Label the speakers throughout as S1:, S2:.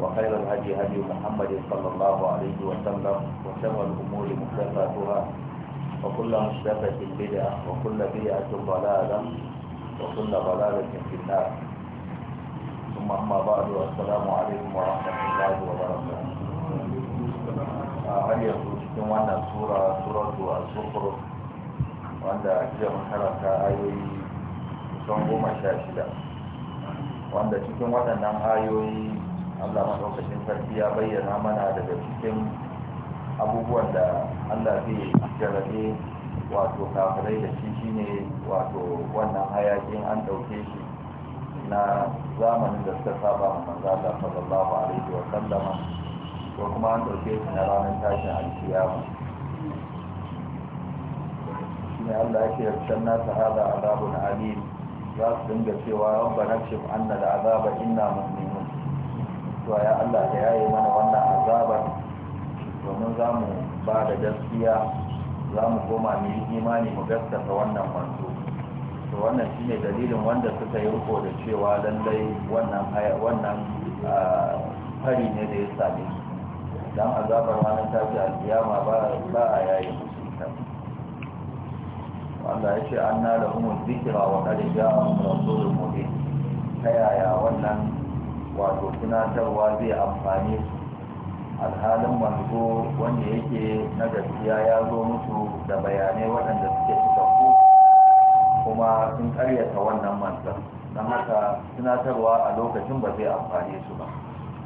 S1: وخير الهدي هدي محمد صلى الله عليه وسلم وشر الأمور محدثاتها وكل محدثة بدعة وكل بدعة ضلالة وكل ضلالة في النار ثم أما بعد السلام عليكم ورحمة الله وبركاته هل يخرج كمان سورة سورة الزخرف وعند أجل حركة أيوي sun goma sha shida wanda cikin waɗannan ayoyi Allah maɗaukacin sarki ya bayyana mana daga cikin abubuwan da Allah zai jarabe wato kafirai da shi ne wato wannan hayakin an ɗauke shi na zamanin da suka saba a manzo sallallahu alaihi wa sallama ko kuma an ɗauke shi na ranar tashin alkiyama ne Allah yake yarsan nasa hada azabun alim za su dinga cewa rabbana kshif anna da azaba inna mu'min cewa ya Allah da yayi mana wannan azabar domin za mu ba da gaskiya za mu koma mu imani mu gaskata wannan manzo to wannan shine dalilin wanda suka yi riko da cewa lallai wannan wannan fari ne da ya same su dan azabar ranar tafi alkiyama ba ba a yayi musu ita Allah ya ce an da umar zikira wa qad ja'ahum rasulun mubin ta yaya wannan wato tunatarwa zai amfani su alhalin manzo wanda yake na gaskiya ya zo musu da bayanai waɗanda suke cikakku kuma sun karyata wannan manzan don haka tunatarwa a lokacin ba zai amfani su ba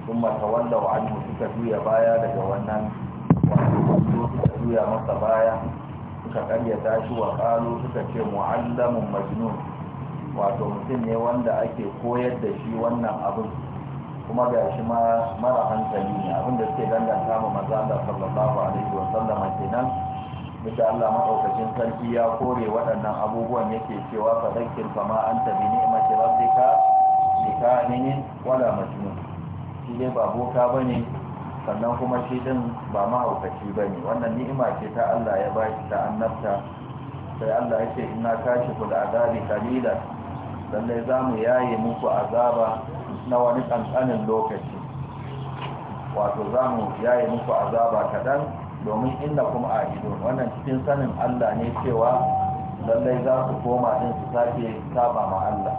S1: sun mata wanda wa'annu suka juya baya daga wannan wato suka juya masa baya suka karyata shi wa ƙalu suka ce mu'allamun majnun wato mutum ne wanda ake koyar da shi wannan abin kuma ga shi mara hankali ne abinda suke danganta ma maza da sallallahu alaihi wa sallama kenan bisa Allah madaukakin sarki ya kore waɗannan abubuwan yake cewa fa fa ma anta bi ni'mati rabbika bikanin wala majnun shi dai ba boka bane sannan kuma shi din ba mahaukaci bane wannan ni'ima ce ta Allah ya ba shi ta annabta sai Allah yake inna kashi da azabi qalilan lallai zamu yaye muku azaba na wani ƙanƙanin lokaci wato za mu yaye muku azaba kaɗan domin inda kuma a ido wannan cikin sanin allah ne cewa lallai za su koma din su sake saba ma allah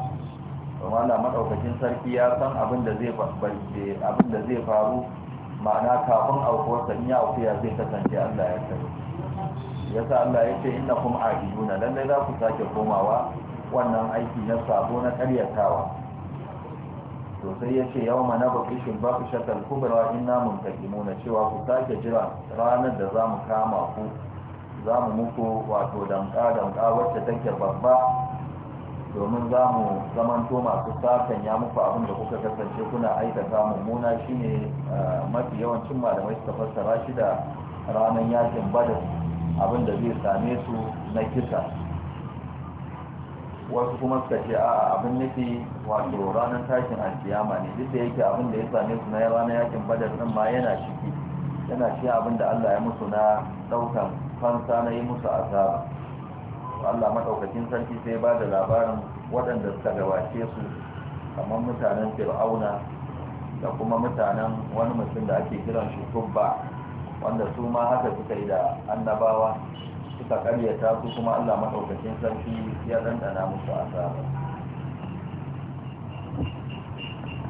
S1: domin allah maɗaukacin sarki ya san eh, abin da zai faru ma'ana kafin aukuwarsa in ya ya zai kasance allah ya
S2: sani
S1: yasa allah ya ce inda kuma a ido lallai za ku sake komawa wannan aiki na sabo na karyatawa to sai ya ce yau mana bakishin baku shakar kubra inna muntakimu na cewa ku sake jira ranar da za mu kama ku za mu muku wato damka-damka wacce take babba domin za mu zamanto masu sakan ya muku abin da kuka kasance kuna aikata mummuna shine mafi yawancin malamai suka fassara shi da ranar yakin badar abin da zai same su na kisa wasu kuma suka ce a abin nufi wato ranar tashin alkiyama ne duk da yake abin da ya same su na ranar yakin badar din ma yana ciki yana shi abin da Allah ya musu na daukan fansa na yi musu azaba Allah madaukakin sarki sai ba da labarin waɗanda suka gabace su kamar mutanen fir'auna da kuma mutanen wani mutum da ake kiran shi tubba wanda su ma haka suka yi da annabawa suka karyata su kuma Allah madaukakin sarki ya dandana musu azaba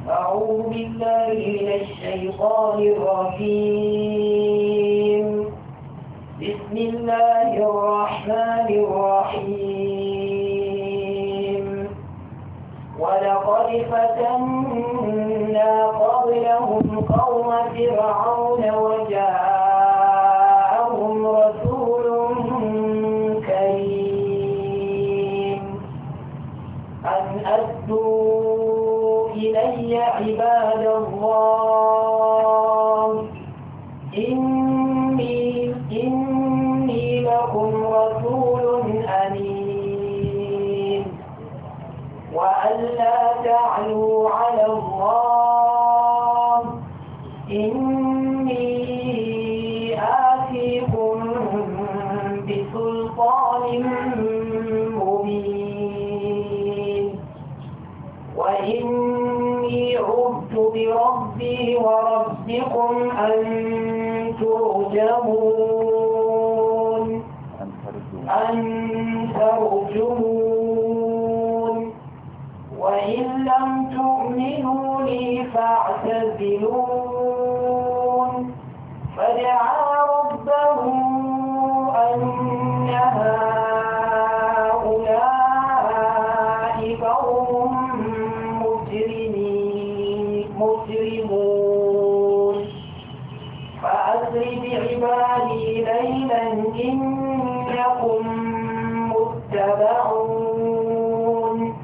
S3: أعوذ بالله من الشيطان الرجيم بسم الله الرحمن الرحيم ولقد فتنا قبلهم قوم فرعون وجاءوا عباد الله إني, إني لكم رسول أمين وأن لا تعلوا على الله ربكم أن ترجمون أن ترجمون وإن لم تؤمنوا لي فاعتزلون فدعا ربهم يتبعون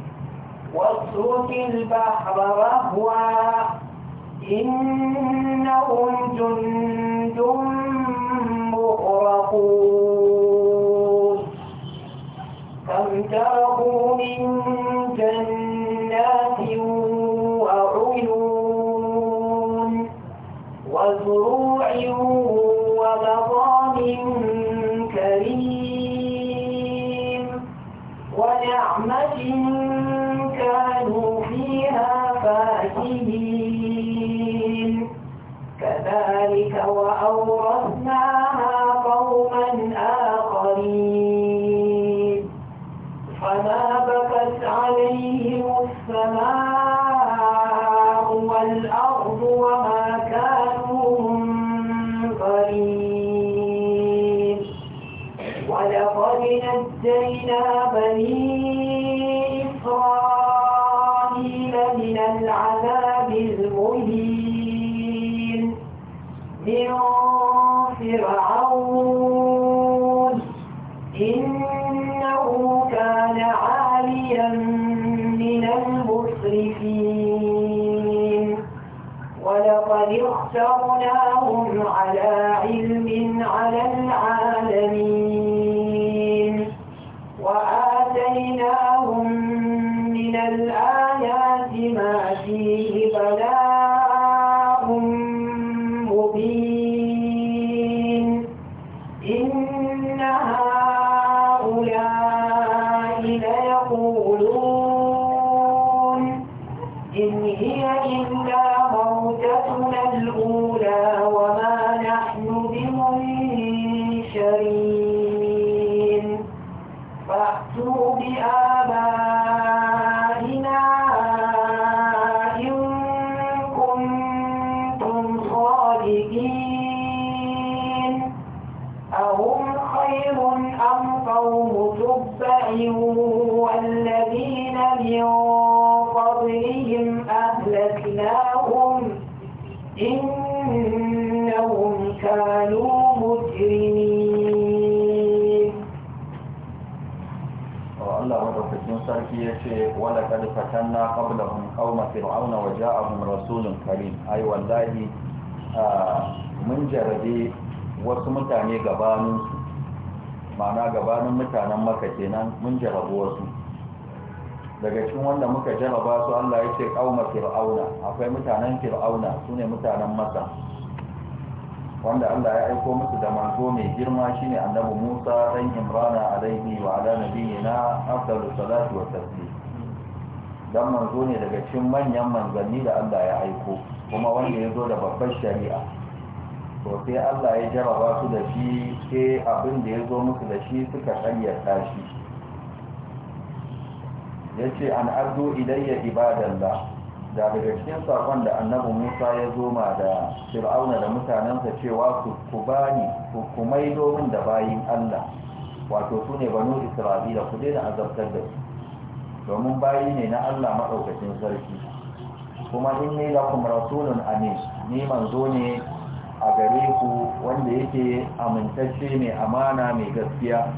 S3: واترك البحر رهوا إنهم جند مغرقون كم تركوا من من
S1: rasulun karim ai wallahi mun jarabe wasu mutane gabanin ma'ana gabanin mutanen maka kenan mun jarabe wasu daga cikin wanda muka jaraba su Allah ya ce kauma fir'auna akwai mutanen fir'auna sune mutanen masa wanda Allah ya aiko musu da manzo mai girma shine annabi Musa dan Imran alaihi wa ala nabiyina afdalu salatu wa don manzo ne daga cikin manyan manzanni da Allah ya aiko kuma wanda ya zo da babbar shari'a to sai Allah ya jaraba su da shi sai abin da ya zo musu da shi suka karyata tashi. ya ce an arzo ilayya ibadan da da daga cikin sakon da annabi musa ya zo ma da fir'auna da mutanensa cewa ku ku bani ku kumai domin da bayin allah wato su ne banu isra'ila ku daina azabtar da su domin bayi ne na Allah maɗaukacin sarki kuma in ne ga kuma rasulun amin ni manzo ne a gare ku wanda yake amintacce mai amana mai gaskiya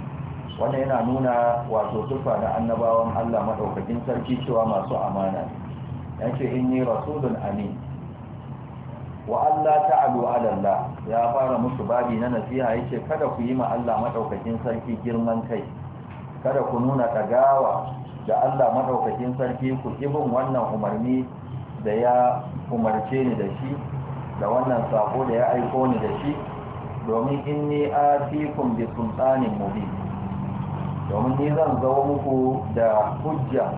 S1: wanda yana nuna wato tufa na annabawan Allah maɗaukakin sarki cewa masu amana ne ya in ne rasulun amin wa Allah ta'adu alallah ya fara musu babi na nasiha yake kada ku yi ma Allah maɗaukakin sarki girman kai kada ku nuna ɗagawa da Allah madaukakin sarki ku ibin wannan umarni da ya umarce ni da shi da wannan sako da ya aiko ni da shi domin inni atikum bi sultanin mubin domin ni zan zo muku da hujja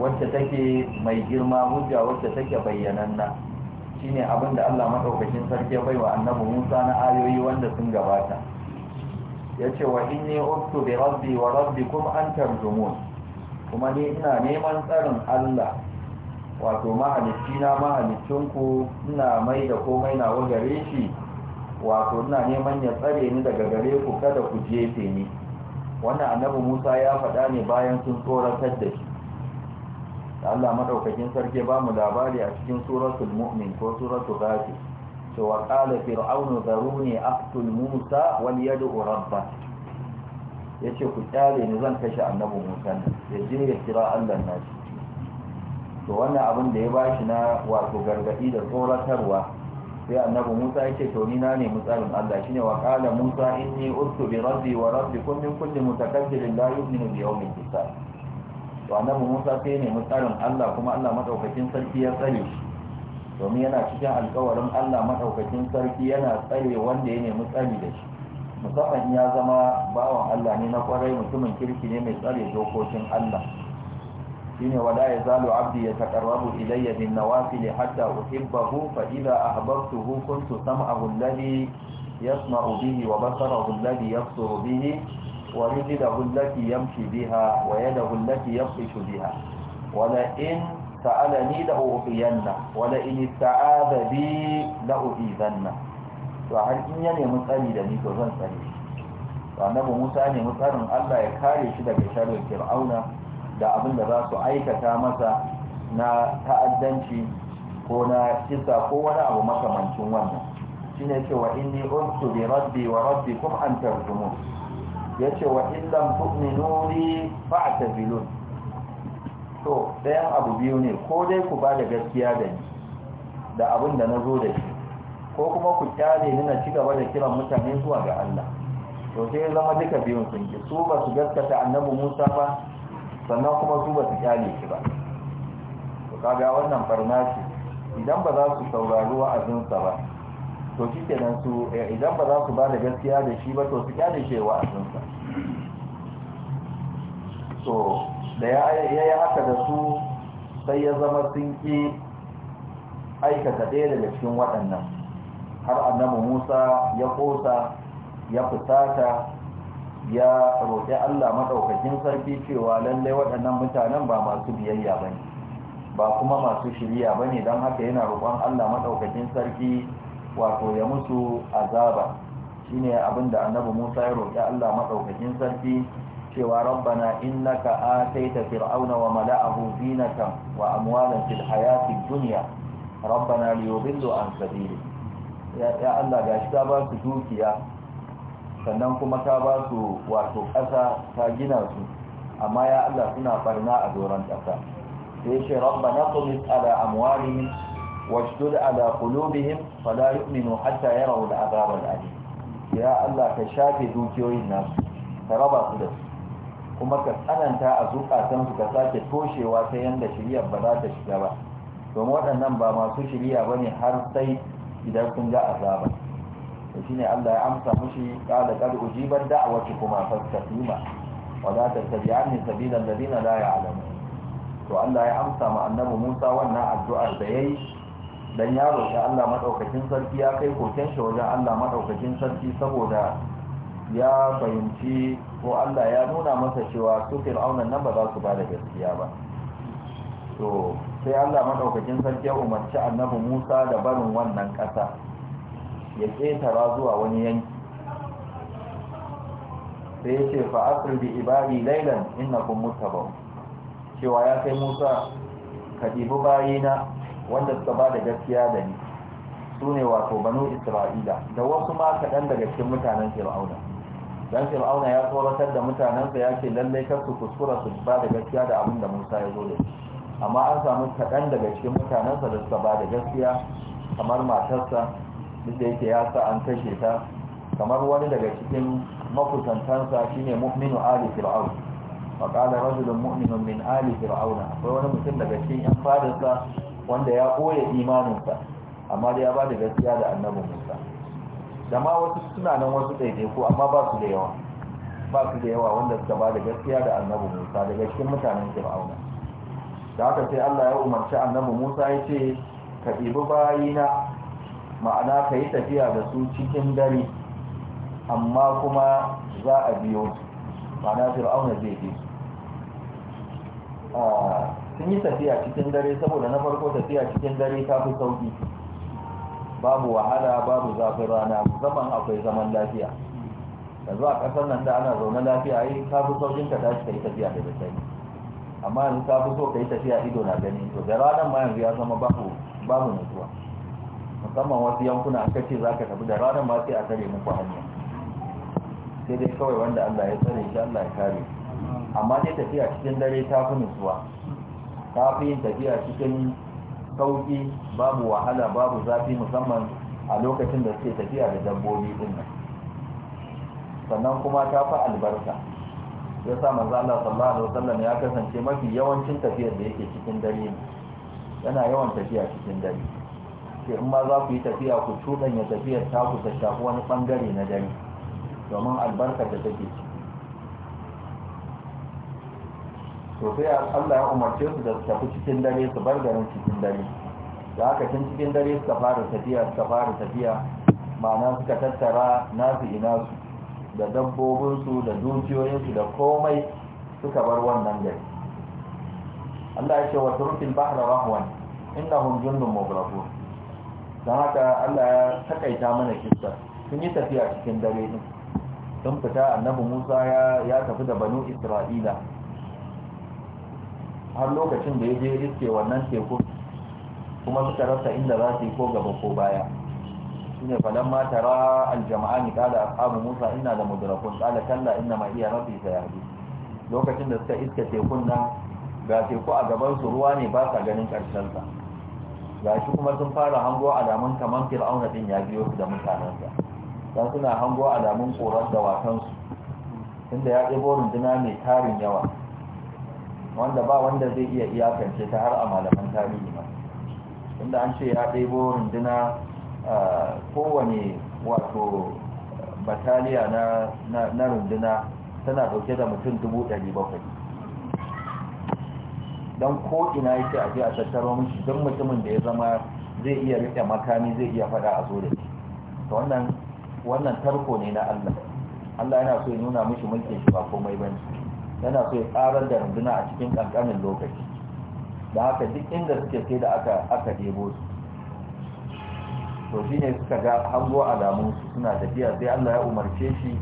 S1: wacce take mai girma hujja wacce take bayyananna shine abin da Allah madaukakin sarki ya wa annabi Musa na ayoyi wanda sun gabata yace wa inni ustu bi rabbi wa rabbikum an tarjumun kuma ni ina neman tsarin Allah wato mahalicina mahalicinku ina mai da komai na gare shi wato ina neman ya tsare ni daga gare ku kada ku jefe ni wannan annabi Musa ya faɗa ne bayan sun tsoratar da shi Allah madaukakin sarki ba mu labari a cikin suratul mu'min ko suratul ghafir cewa qala fir'aunu zaruni aqtul musa wal yad'u rabbah ya ce ku kyale ni zan kashe annabi musa ya je ya kira allah shi to wannan abin da ya ba shi na wato gargaɗi da tsoratarwa sai annabi musa ya ce to na nemi tsarin allah shine wa kala musa inni ustu bi rabbi wa Kun min kulli mutakabbirin la yu'minu bi yawmil hisab to annabi musa sai ne tsarin allah kuma allah madaukakin sarki ya tsare shi domin yana cikin alkawarin allah madaukakin sarki yana tsare wanda ya nemi tsari da shi musamman ya zama bawan Allah ne na kwarai mutumin kirki ne mai tsare dokokin Allah shine wala yazalu abdi ya yataqarrabu ilayya bin nawafil hatta uhibbahu fa idha ahbabtuhu kuntu sam'ahu alladhi yasma'u bihi wa basara basarahu alladhi yabsuru bihi wa da rijluhu allati yamshi biha wa ya fi shi biha wala in ni sa'alani la'u'tiyanna wala in ista'adha bi la'u'izanna to har in ya nemi tsari da ni to zan tsare shi to annabi Musa ne mutsarin tsarin Allah ya kare shi daga sharrin Fir'auna da abin da za su aikata masa na ta'addanci ko na kisa ko wani abu makamancin wannan shine ce wa inni urtu bi rabbi wa rabbi kum an Ya yace wa in lam tu'minu li fa'tazilun to dayan abu biyu ne ko dai ku ba da gaskiya da ni da abin da zo da shi ko kuma ku kyale ni na ci gaba da kiran mutane zuwa ga Allah to sai ya zama duka biyun sun ki su ba su gaskata annabi Musa ba sannan kuma su ba su kyale shi ba to kaga wannan barna ce idan ba za su saurari wa'azinsa ba to shi kenan su eh, idan ba za su ba da gaskiya da shi ba to su kyale shi wa'azinsa to da ya yi haka da su sai ya zama sun ki aikata ɗaya daga cikin waɗannan har annabi musa ya kosa ya fusata ya roƙi allah madaukakin sarki cewa lallai waɗannan mutanen ba masu biyayya bane ba kuma masu shirya ba ne don haka yana roƙon allah madaukakin sarki wato ya musu azaba shine abin da annabi musa ya roƙi allah madaukakin sarki cewa rabbana innaka ataita fir'auna wa mala'ahu zinatan wa amwalan fil hayatid dunya rabbana liyudillu an sabilik ya Allah ga shi ta ba su dukiya sannan kuma ta ba su wato ƙasa ta gina su amma ya Allah suna barna a doron ƙasa sai shi rabba na tumis ala amwalihim washdud ala qulubihim fala yu'minu hatta yarawu al'azab al'alim ya Allah ka shafe dukiyoyin nasu ka raba su da su kuma ka tsananta a zukatan su ka sake toshewa ta yanda shiriyar ba za ta shiga ba domin waɗannan ba masu shiriya bane har sai idan sun ga azaba to shine Allah ya amsa mushi qala qad ujibat kuma fastaqima wa la sabila alladhina la ya'lamun to Allah ya amsa ma annabi Musa wannan addu'ar da yayi dan ya roki Allah madaukakin sarki ya kai koken shi wajen Allah madaukakin sarki saboda ya fahimci ko Allah ya nuna masa cewa su fir'aunan nan ba za su ba da gaskiya ba to sai Allah madaukakin sarki ya umarci annabi Musa da barin wannan ƙasa ya ƙetara zuwa wani yanki sai ya ce fa asir bi ibadi lailan innakum muttaba'un cewa ya kai Musa ka ɗibi bayina wanda suka ba da gaskiya da ni su ne wato banu isra'ila da wasu ma kaɗan daga cikin mutanen fir'auna don fir'auna ya tsoratar da mutanensa ya ce lallai kar su kuskura su ba da gaskiya da abin da musa ya zo da shi amma an samu kaɗan daga cikin mutanensa da suka ba da gaskiya kamar matarsa duk da yake ya sa an kashe ta kamar wani daga cikin makusantansa shine mu'minu ali fir'aun wa ƙala rajulun mu'minun min ali fir'aun akwai wani mutum daga cikin yan fadarsa wanda ya koya imaninsa amma da ya ba da gaskiya da annabi Musa da ma wasu suna nan wasu ɗaiɗaiku amma ba su da yawa ba su da yawa wanda suka ba da gaskiya da annabi Musa daga cikin mutanen fir'aun da haka ce Allah ya umarci annabi Musa ya ce ka ɗibi bayina ma'ana ka yi tafiya da su cikin dare amma kuma za a biyo su ma'ana fir'auna zai bi su sun yi tafiya cikin dare saboda na farko tafiya cikin dare ta fi sauki babu wahala babu zafin rana Zaman akwai zaman lafiya yanzu a ƙasar nan da ana zaune lafiya yi ta fi saukin ka tashi ka yi tafiya da daddare amma in ka fi so ka yi tafiya ido na gani to da ranar ma yanzu ya zama babu babu musamman wasu yankuna aka ce za ka tafi da ranar ma sai a tare muku hanya sai dai kawai wanda Allah ya tsare shi Allah ya kare amma dai tafiya cikin dare ta fi mutuwa ta fi yin tafiya cikin sauki babu wahala babu zafi musamman a lokacin da suke tafiya da dabbobi din nan sannan kuma ta fi albarka ya sa manzo Allah sallallahu alaihi wasallam ya kasance mafi yawancin tafiyar da yake cikin dare ne yana yawan tafiya cikin dare sai in ma za ku yi tafiya ku cuɗanya tafiyar ta ku ta shafi wani bangare na dare domin albarkar da take ciki to sai Allah ya umarce su da su tafi cikin dare su bar garin cikin dare da haka tun cikin dare suka fara tafiya suka fara tafiya ma'ana suka tattara nasu ina su da dabbobinsu da dukiyoyinsu da komai suka bar wannan gari Allah ya ce wa turkin bahra rahwan innahum da mughrafun Don haka Allah ya takaita mana kista sun yi tafiya cikin dare din sun fita annabi Musa ya tafi da banu Isra'ila har lokacin da ya je iske wannan teku kuma suka rasa inda za su yi ko gaba ko baya shine falan ma tara aljama'ani qala ashabu musa inna la mudrakun qala kalla inna ma iya rabbi sayahdi lokacin da suka iska tekun nan ga teku a gaban su ruwa ne ba sa ganin karshen sa gashi kuma sun fara hango alamun kaman fir'auna din ya biyo su da mutanensa dan suna hango alamun koran da watan su tunda ya ɗebo runduna mai tarin yawa wanda ba wanda zai iya iyakance ta har a malaman tarihi ma tunda an ce ya ɗebo runduna kowane wato bataliya na runduna tana dauke da mutum dubu ɗari bakwai. don ko'ina yake aje a tattaro mashi don mutumin da ya zama zai iya riƙe makami zai iya faɗa a zo da shi to wannan tarko ne na allah allah yana so ya nuna mashi mulkin shi ba komai ba yana so ya tsarar da runduna a cikin ƙanƙanin lokaci da haka duk inda suke sai da aka debo su to shi ne suka ga hango alamun suna tafiya sai Allah ya umarce shi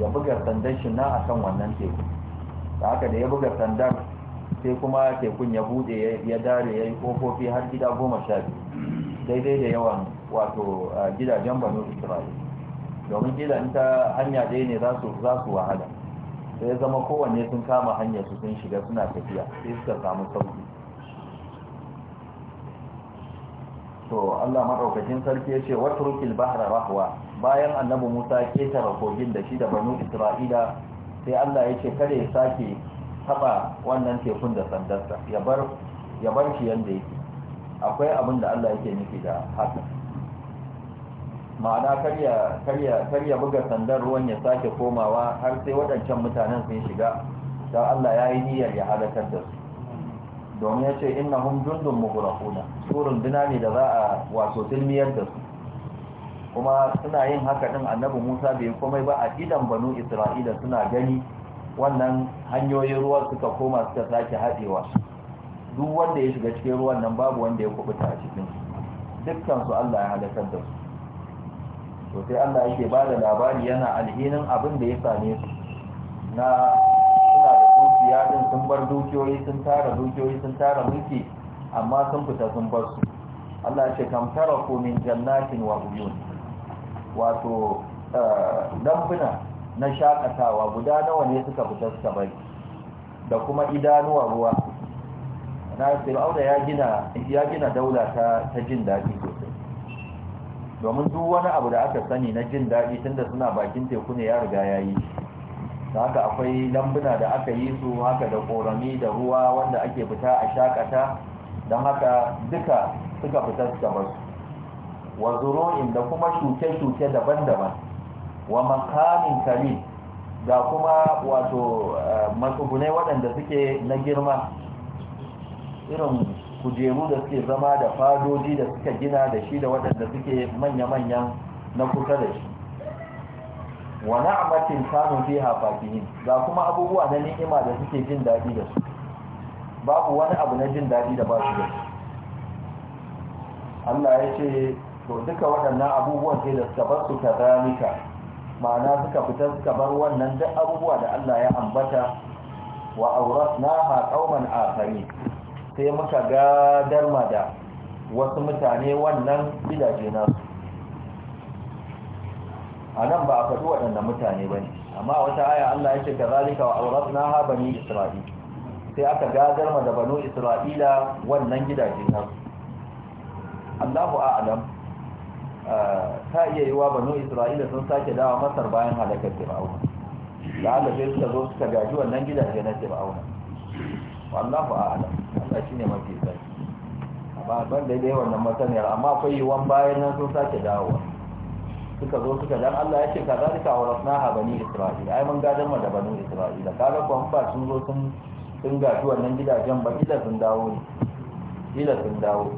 S1: ya buga sandan shi na akan wannan teku da haka da ya buga sandan sai kuma tekun ya bude ya dare ya yi kofofi har gida goma sha biyu daidai da yawan wato gidajen banu israel domin gidan ta hanya ɗaya ne za su wahala sai zama kowanne sun kama hanyar su sun shiga suna tafiya sai suka samu sauki to Allah madaukakin sarki ya ce, watrukil bahra rahwa bayan annabi Musa ke tara kogin da shi da banu Isra'ila sai Allah ya ce kada ya sake taba wannan tekun da sandarsa ya bar ya bar shi yanda yake akwai abin da Allah yake nufi da haka ma'ana karya karya karya buga sandar ruwan ya sake komawa har sai waɗancan mutanen sun shiga dan Allah ya yi niyyar ya halakar da su domin ya ce ina hun jundun kuna su runduna ne da za a wato silmiyar da su kuma suna yin haka ɗin annabi musa bai komai ba a idan banu isra'ila suna gani wannan hanyoyin ruwa suka koma suka sake haɗewa duk wanda ya shiga cikin ruwan nan babu wanda ya kubuta a cikin dukkan su allah ya halakar da su to sai allah yake ba da labari yana alhinin abin da ya same su na magada sun bar dukiyoyi sun tara dukiyoyi sun tara mulki amma sun fita sun bar su Allah ce tara ko min jannatin wa uyun wato lambuna eh, na shakatawa guda nawa ne suka fita suka bari da kuma idanuwa ruwa na fir'auna ya gina ya gina daula ta ta jin daɗi sosai domin duk wani abu da aka sani na jin daɗi tunda suna bakin teku ne ya riga yayi yi da haka akwai lambuna da aka yi su haka da korami da ruwa wanda ake fita a shakata don haka duka suka fita suka su wa zuro'in da kuma shuke-shuke daban-daban wa makamin kari da kuma wato eh, matsugunai waɗanda suke na girma irin kujeru da suke zama da fadoji da suka gina da shi da waɗanda suke manya-manyan na kusa da shi wa na'matin kanu fiha fakihin ga kuma abubuwa na ni'ima da suke jin dadi da su babu wani abu na jin dadi da ba su da Allah ya ce to duka waɗannan abubuwan sai da suka bar su ma'ana suka fita suka bar wannan duk abubuwa da Allah ya ambata wa awrasnaha qauman akhari sai muka gadar ma da wasu mutane wannan gidaje nasu a nan ba a faɗi waɗanda mutane ba ne amma wata aya Allah ya ce ka zalika wa aurat na ha bani isra'ila sai aka gadar ma da banu isra'ila wannan gidaje nan Allahu a'lam ah, ta iya yi wa banu isra'ila sun sake dawa masar bayan halakar fir'auna da Allah sai suka zo suka gaji wannan gidaje na fir'auna wallahu a'lam Allah shine mafi tsaki ba ban da dai wannan masaniyar amma akwai yiwuwan bayan nan sun sake dawowa suka zo suka dan Allah ya ce ka zalika awrasnaha bani isra'ila ai mun gadan ma da bani isra'ila kaga ko ba sun zo sun sun gaji wannan gidajen ba ila sun dawo ne ila sun dawo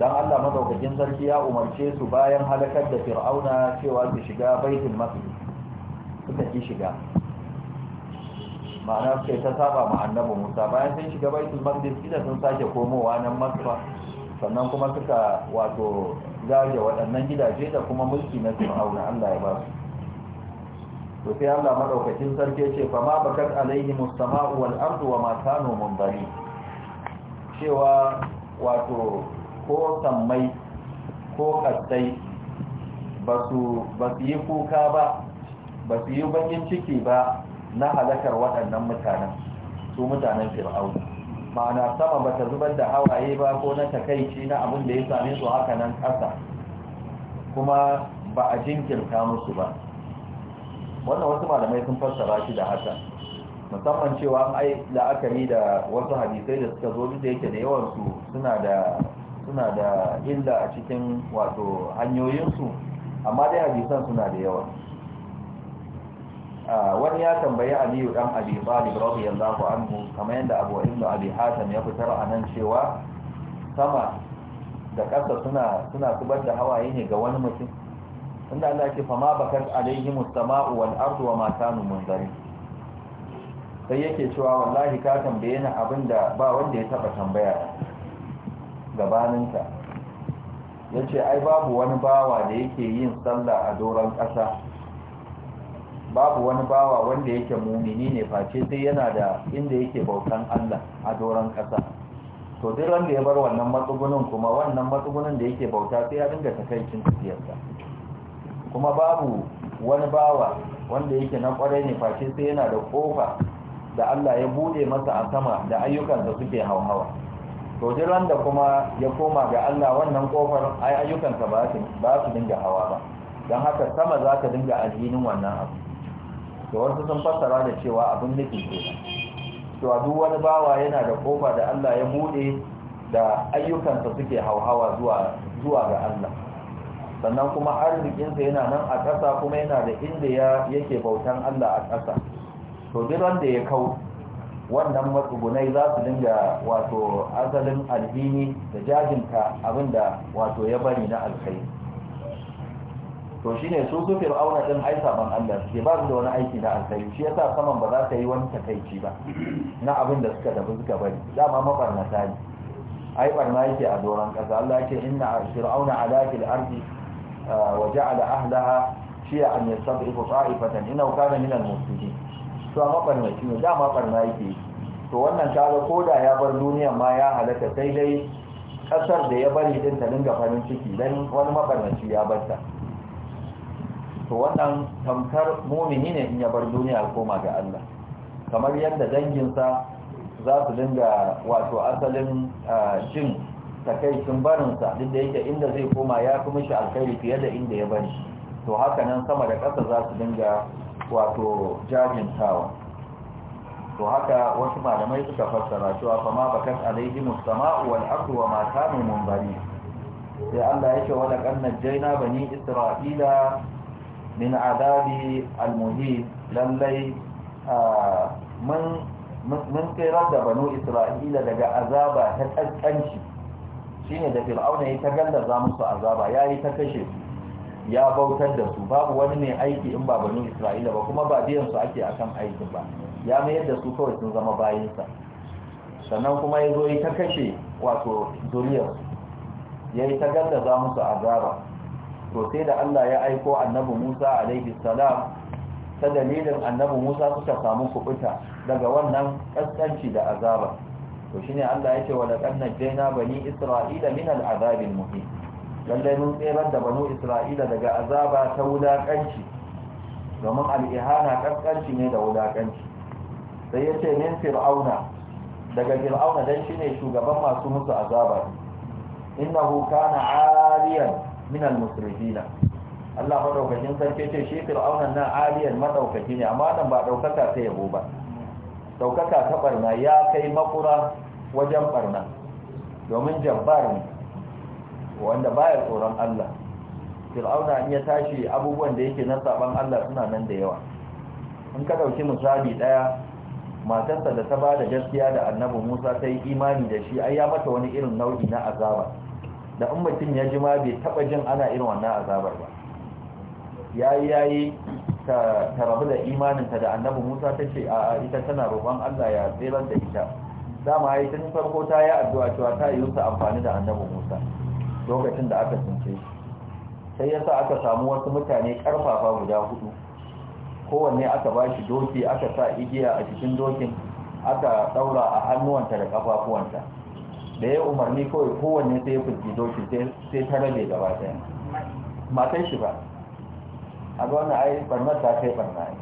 S1: dan Allah madaukakin sarki ya umarce su bayan halakar da fir'auna cewa su shiga baitul maqdis suka ki shiga ma'ana suka ta saba ma annabi Musa bayan sun shiga baitul maqdis kila sun sake komowa nan masfa sannan kuma suka wato gaje waɗannan gidaje da kuma mulki na fir'auna Allah ya ba su to sai Allah madaukakin sarki ya ce fa ma bakat alaihi mustama'u wal ardu wa ma kanu mundari cewa wato ko sammai ko kastai ba su yi kuka ba ba yi bakin ciki ba na halakar waɗannan mutanen su mutanen fir'auna ma'ana sama bata zubar da hawaye ba ko na takaici na abin da ya same su haka nan kasa kuma ba a jinkirta musu ba wannan wasu malamai sun fassara shi da haka musamman cewa ai la'akari da wasu hadisai da suka zo duk da yake da yawan su suna da suna da illa a cikin wato hanyoyinsu amma dai hadisan suna da yawa Ah, wani ya tambayi aliyu dan abi talib radiyallahu anhu kamar yadda abu ibn abi hatim ya fitar a nan cewa sama da kasa suna suna kubar da hawaye ne ga wani mutum inda Allah ke fama bakat alaihimu sama'u wal ardu wa ma kanu munzari sai yake cewa wallahi ka tambaye ni abinda ba wanda ya taba tambaya gabaninka yace ai babu wani bawa da yake yin sallah a doron ƙasa babu wani bawa wanda yake mumini ne face sai yana da inda yake bautan Allah a doron ƙasa to duk wanda ya bar wannan matsugunin kuma wannan matsugunin da yake bauta sai ya dinga takaicin tafiyarsa kuma babu wani bawa wanda yake na kwarai ne face sai yana da kofa da Allah ya bude masa a sama da ayyukansa suke hauhawa to duk wanda kuma ya koma ga Allah wannan kofar ai ayyukansa ba su dinga hawa ba don haka sama za ka dinga ajinin wannan abu da wasu sun fassara da cewa abin nufin to a duk wani bawa yana da kofa da Allah ya bude da ayyukansa suke hauhawa zuwa zuwa ga Allah sannan kuma arzikinsa yana nan a ƙasa kuma yana da inda ya yake bautan Allah a ƙasa to duk wanda ya kau wannan matsugunai za su dinga wato asalin alhini da jajinta abinda wato ya bari na alkhairi to shine su su fir'auna ɗin ai ban Allah suke ba su da wani aiki na alkhairi shi yasa saman ba za ta yi wani takaici ba na abin da suka tafi suka bari dama ta ne ai barna yake a doron ƙasa Allah yake inna fir'auna a fil arzi ah, wa da ahlaha shi'a an yastadrifu ta'ifatan innahu wuka min al musulmi to a mabarna shi ne dama barna yake to wannan ta ga koda ya bar duniya ma ya halatta sai dai ƙasar da ya bari ɗin ta dinga farin ciki dan wani mabarnaci ya barta to wannan tamkar mumini ne in ya bar duniya koma ga Allah kamar yadda danginsa za su dinga wato asalin jin takaicin barinsa duk da yake inda zai koma ya fi mishi alkhairi fiye da inda ya bari to haka nan sama da ƙasa za su dinga wato jajintawa to haka wasu malamai suka fassara cewa fa ma bakat alaihi musama'u wal ardu wa ma kanu munzari sai Allah yake wala kanna jaina bani isra'ila min azabi almuhi lallai mun tsirar da banu isra'ila daga azaba ta shi shine da fir'auna ya ta gallaza musu azaba ya yi ta kashe ya bautar da su babu wani mai aiki in ba banu isra'ila ba kuma ba biyan su ake akan aiki ba ya mayar da su kawai sun zama bayinsa sannan kuma ya zo yi ta kashe wato zuriyar ya yi ta gallaza musu azaba to sai da Allah ya aiko annabi Musa alaihi salam ta dalilin annabi Musa suka samu kubuta daga wannan kaskanci da azaba to shine Allah yake wa laqad najayna bani isra'ila min al'azab al-muhim lalle mun tsayar da banu isra'ila daga azaba ta wulakanci domin alihana ihana kaskanci ne da wulakanci sai yace min fir'auna daga fir'auna dan shine shugaban masu musu azaba innahu kana aliyan min al-musrifina Allah daukakin sarki ce shi fir'auna na aliyar madaukaki ne amma nan ba daukaka ta yabo ba daukaka ta barna ya kai makura wajen barna domin jabbar ne wanda baya tsoron Allah fir'auna in ya tashi abubuwan da yake na saban Allah suna nan da yawa in ka dauki misali daya matarsa da ta bada gaskiya da annabi Musa ta yi imani da shi ai ya mata wani irin nau'i na azaba da in mutum ya ji ma bai taba jin ana irin wannan azabar ba yayi yayi ta rabu da imaninta da annabi Musa ta ce a ita tana roƙon Allah ya tsere da ita dama yi tun farko ta yi addu'a cewa ta yi wuta amfani da annabi Musa lokacin da aka tsince shi sai yasa aka samu wasu mutane karfafa guda hudu kowanne aka bashi doki aka sa igiya a cikin dokin aka daura a hannuwanta da kafafuwanta da ya umarni kawai kowanne sai ya fulki doki sai ta rabe gaba yana matan shi ba a ga wannan ai barnar ta kai barna ai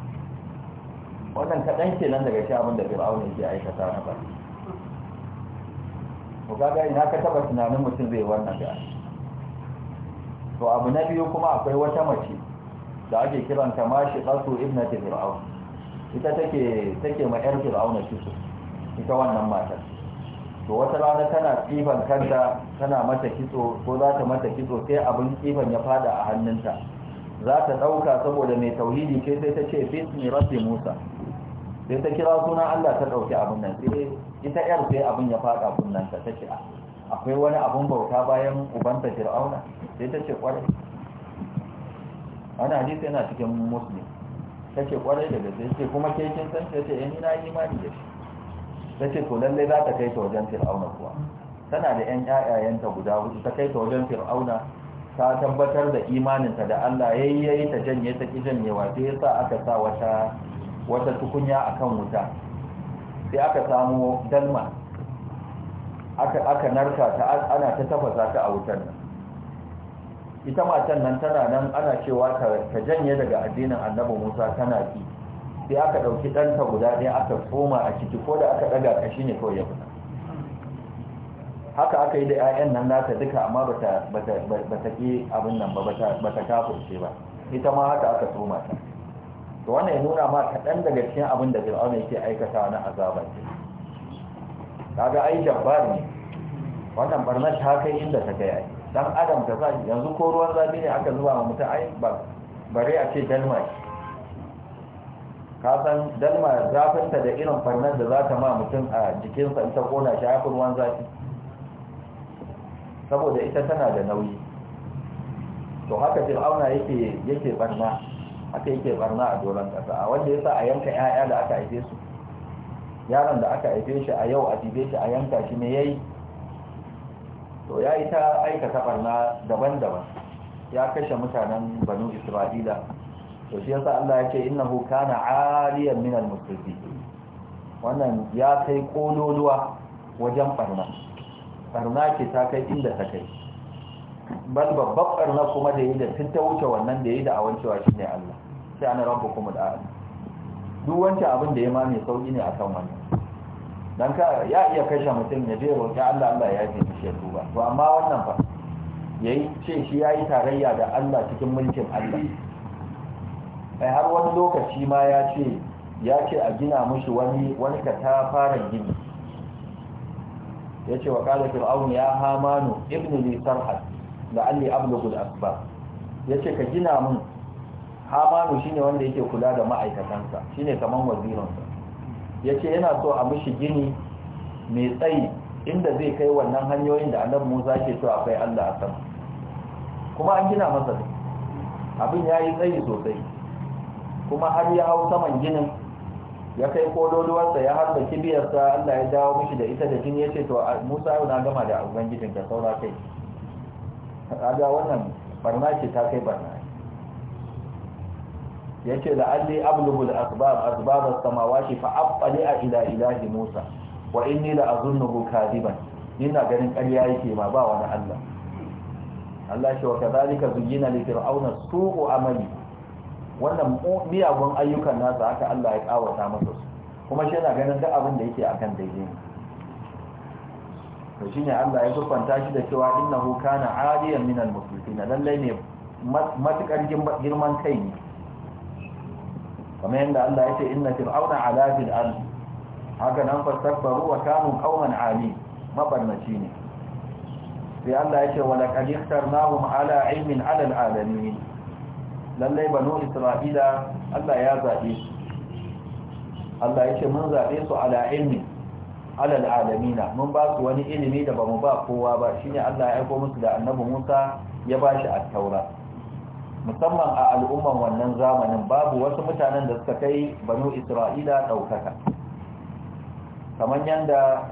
S1: wannan kaɗan ke nan daga shi abin da fir'aun ke aikata na ba ku ga ina ka taɓa tunanin mutum zai wannan ga to abu na biyu kuma akwai wata mace da ake kiranta mashi ƙasu ta fir'aun ita take take ma 'yar fir'auna kitso ita wannan matar to wata rana tana tsifan kanta tana mata kitso ko za ta mata kitso sai abin tsifan ya fada a hannunta za ta ɗauka saboda mai tauhidi ke sai ta ce bismi rabbi musa sai ta kira suna allah ta ɗauki abin nan sai ita yar sai abin ya fada kunnanta ta ce ah, akwai wani abin bauta bayan ubanta fir'auna sai ta ce kwarai wani hadisi yana cikin muslim ta ce kwarai da gaske kuma ke kin san ta ce eh, ni na imani da shi ta ce to lallai za ta kai ta wajen fir'auna kuwa tana da 'yan 'ya'yayenta guda hudu ta kai ta wajen fir'auna ta tabbatar da imaninta da Allah yayi yayi ta janye ta ki janyewa ya yasa aka sa wata wata tukunya kan wuta sai aka samu dalma aka aka narka ta ana ta tafasa ta a wutar nan ita matan nan tana nan ana cewa ta janye daga addinin Annabi Musa tana ƙi. sai aka ɗauki ɗanta guda ɗaya aka tsoma a ciki ko da aka ɗaga ƙashi ne kawai ya fita haka aka yi da 'ya'yan nan nata duka amma ba ta ƙi abin nan ba ba ta kafurce ba ita ma haka aka tsoma ta to wannan ya nuna ma kaɗan daga cikin abin da fir'auna yake aikata na azabar ce kaga ai jabbar ne wannan barnar ta kai inda ta kai ai dan adam ta sa yanzu ko ruwan zafi ne aka zuba wa mutum ai ba bare a ce dalma ka san dalma zafinta da irin farnar da za ta ma mutum a jikinsa ita kona shi haifin ruwan zafi saboda ita tana da nauyi to haka fir'auna yake yake barna haka yake barna a doron kasa a wanda yasa a yanka 'ya'ya da aka haife su yaron da aka haife shi a yau a dibe shi a yanka shi ne yayi to yayi ta aikata barna daban-daban ya kashe mutanen banu isra'ila to shi yasa Allah yake innahu kana aliyan min al-mustafi wannan ya kai kololuwa wajen barna barna ke ta kai inda ta kai bal babbar barna kuma da yi da tun ta wuce wannan da yi da awancewa shi ne Allah sai ana rabu kuma da Allah duk wancan abin da ya ma mai sauki ne akan wannan dan ka ya iya kashe mutum ya je roƙi Allah Allah ya yi shi tuba to amma wannan fa yayi ce shi yayi tarayya da Allah cikin mulkin Allah Mai har wani lokaci ma ya ce ya ce a gina mushi wani wani ka ta fara gini ya ce wa kada fir'aun ya hamanu Ibn li sarhat da alli ablugul asba ya ce ka gina mun hamanu shine wanda yake kula da ma'aikatansa shine kaman wazirinsa ya ce yana so a mushi gini mai tsayi inda zai kai wannan hanyoyin da annabi Musa ke so akwai Allah a sama kuma an gina masa abin yayi tsayi sosai kuma har ya hau saman ginin ya kai kododuwarsa ya harba kibiyarsa Allah ya dawo mishi da ita da jini ya ce to Musa yau na gama da ubangijin ka saura kai kaga wannan barna ce ta kai barna ce da alli al-asbab asbab as-samawati fa a ila ilahi Musa wa inni la azunnuhu kadiban ina ganin ƙarya yake ma ba wani Allah Allah shi wa kadhalika zujina li fir'auna su'u amali wannan miyagun ayyukan nasa haka Allah ya kawata masa su kuma shi yana ganin duk abin da yake akan daidai to shine Allah ya siffanta shi da cewa innahu kana aliyan min muslimin lallai ne matukar girman kai ne kamar yadda Allah ya ce inna fir'auna ala fil ard haka nan fastakbaru wa kanu qauman ali mabarnaci ne sai Allah ya ce wa laqad ikhtarnahum ala ilmin ala al-alamin lallai banu isra'ila Allah ya zaɓe su Allah ya ce mun zaɓe su ala ilmi alal alamina mun ba su wani ilimi da ba mu ba kowa ba shine Allah ya aiko musu da annabi Musa ya ba shi at-taura musamman a al'umman wannan zamanin babu wasu mutanen da suka kai banu isra'ila daukaka kamar yanda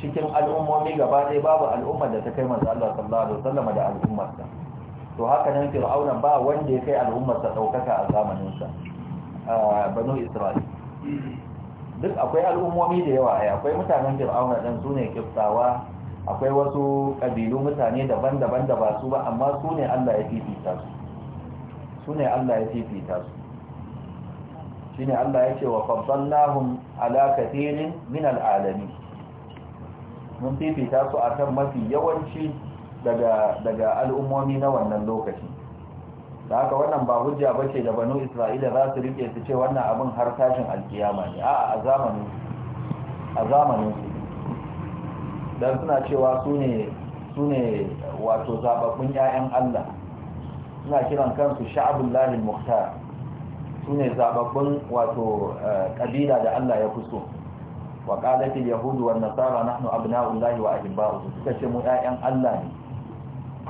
S1: cikin al'ummomi gaba ɗaya babu al'ummar da ta kai manzo Allah sallallahu alaihi wasallam da al'ummarsa to haka nan fir'auna ba wanda ya kai al'ummarsa ɗaukaka a zamaninsa sa. banu isra'il duk akwai al'ummomi da yawa ai akwai mutanen fir'auna ɗin su ne kiftawa akwai wasu kabilu mutane daban-daban da ba su ba amma su ne allah ya fifita su su ne allah ya fifita su shi allah ya ce wa babban ala kathirin min al'alami mun fifita su akan mafi yawanci daga al'ummomi na wannan lokaci da haka wannan ba hujja ba ce da banu isra'ila za su rike su ce wannan abin har tashin alkiyama ne a a zamanin su don suna cewa su ne wato zababbin 'ya'yan allah suna kiran kansu sha'abun lahil mukhtar su ne wato eh, ƙabila da allah ya fi wa yahudu wa nasara nahnu abna'ullahi wa ahibba'u suka ce mu 'ya'yan allah ne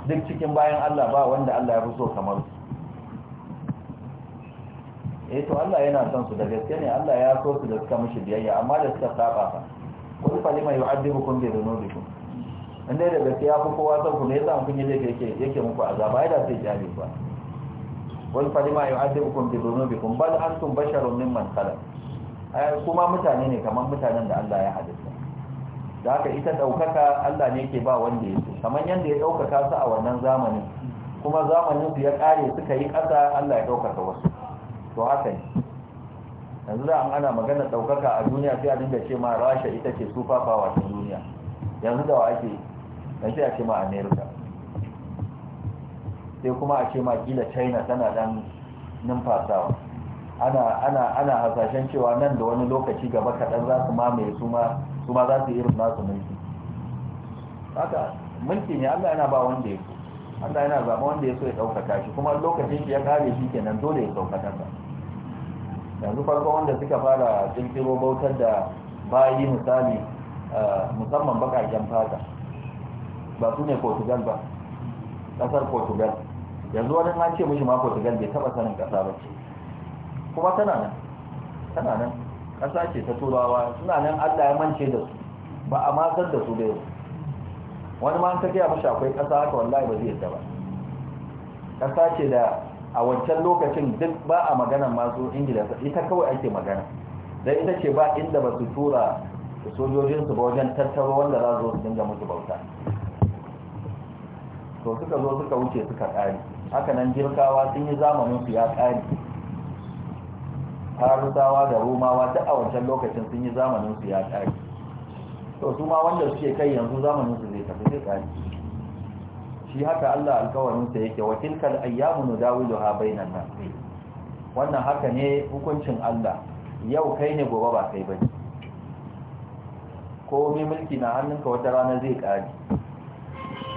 S1: duk cikin bayan Allah ba wanda Allah ya fi so kamar su eh to Allah yana son su da gaske ne Allah ya so su da suka mishi biyayya amma da suka saba fa ko fa lima yu'adibukum bi dhunubikum inda da gaske ya fi kowa son ku ne yasa kun yi laifi yake yake muku azaba ai da sai jami ba kun fa lima yu'adibukum bi dhunubikum bal antum basharun mimman khalaq ai kuma mutane ne kamar mutanen da Allah ya halitta da haka ita daukaka Allah ne yake ba wanda yake kamar yadda ya ɗaukaka su a wannan zamanin kuma zamanin su ya ƙare suka yi kasa Allah ya ɗaukaka wasu to haka ne yanzu da an ana magana ɗaukaka a duniya sai a dinga ce ma rasha ita ce su fafawa wasu duniya yanzu da wa ake sai a ce ma america sai kuma a ce ma kila china tana ɗan numfasawa ana ana ana hasashen cewa nan da wani lokaci gaba kaɗan za su mamaye su ma su ma za su yi irin nasu mulki haka mulki ne Allah yana ba wanda ya so Allah yana zaba wanda ya so ya ɗaukaka shi kuma lokacin shi ya kare shi kenan dole ya ɗaukaka sa yanzu farko wanda suka fara kirkiro bautar da bayi misali eh, musamman baka bakaken fata ba su ne portugal ba kasar portugal yanzu wani an ce mishi ma portugal bai taɓa sanin ƙasa ba ce kuma tana nan tana nan ƙasa ce ta turawa suna nan allah ya mance da su ba a matsar da su da yau wani ma an ka gaya akwai ƙasa haka wallahi ba zai yadda ba ƙasa ce da a wancan lokacin duk ba a magana masu ingila ita kawai ake magana don ita ce ba inda ba su tura sojojinsu ba wajen tattaro wanda za su dinga musu bauta to suka zo suka wuce suka kare haka nan jirkawa sun yi zamanin su ya kare farusawa da rumawa duk a wancan lokacin sun yi zamanin su ya kare to su ma wanda suke kai yanzu zamanin su zai tafi da tsari shi haka Allah alkawarin sa yake wakil kal ayyamu nudawiluha bainan nas wannan haka ne hukuncin Allah yau kai ne gobe ba kai bane komai mulki na hannunka wata rana zai kare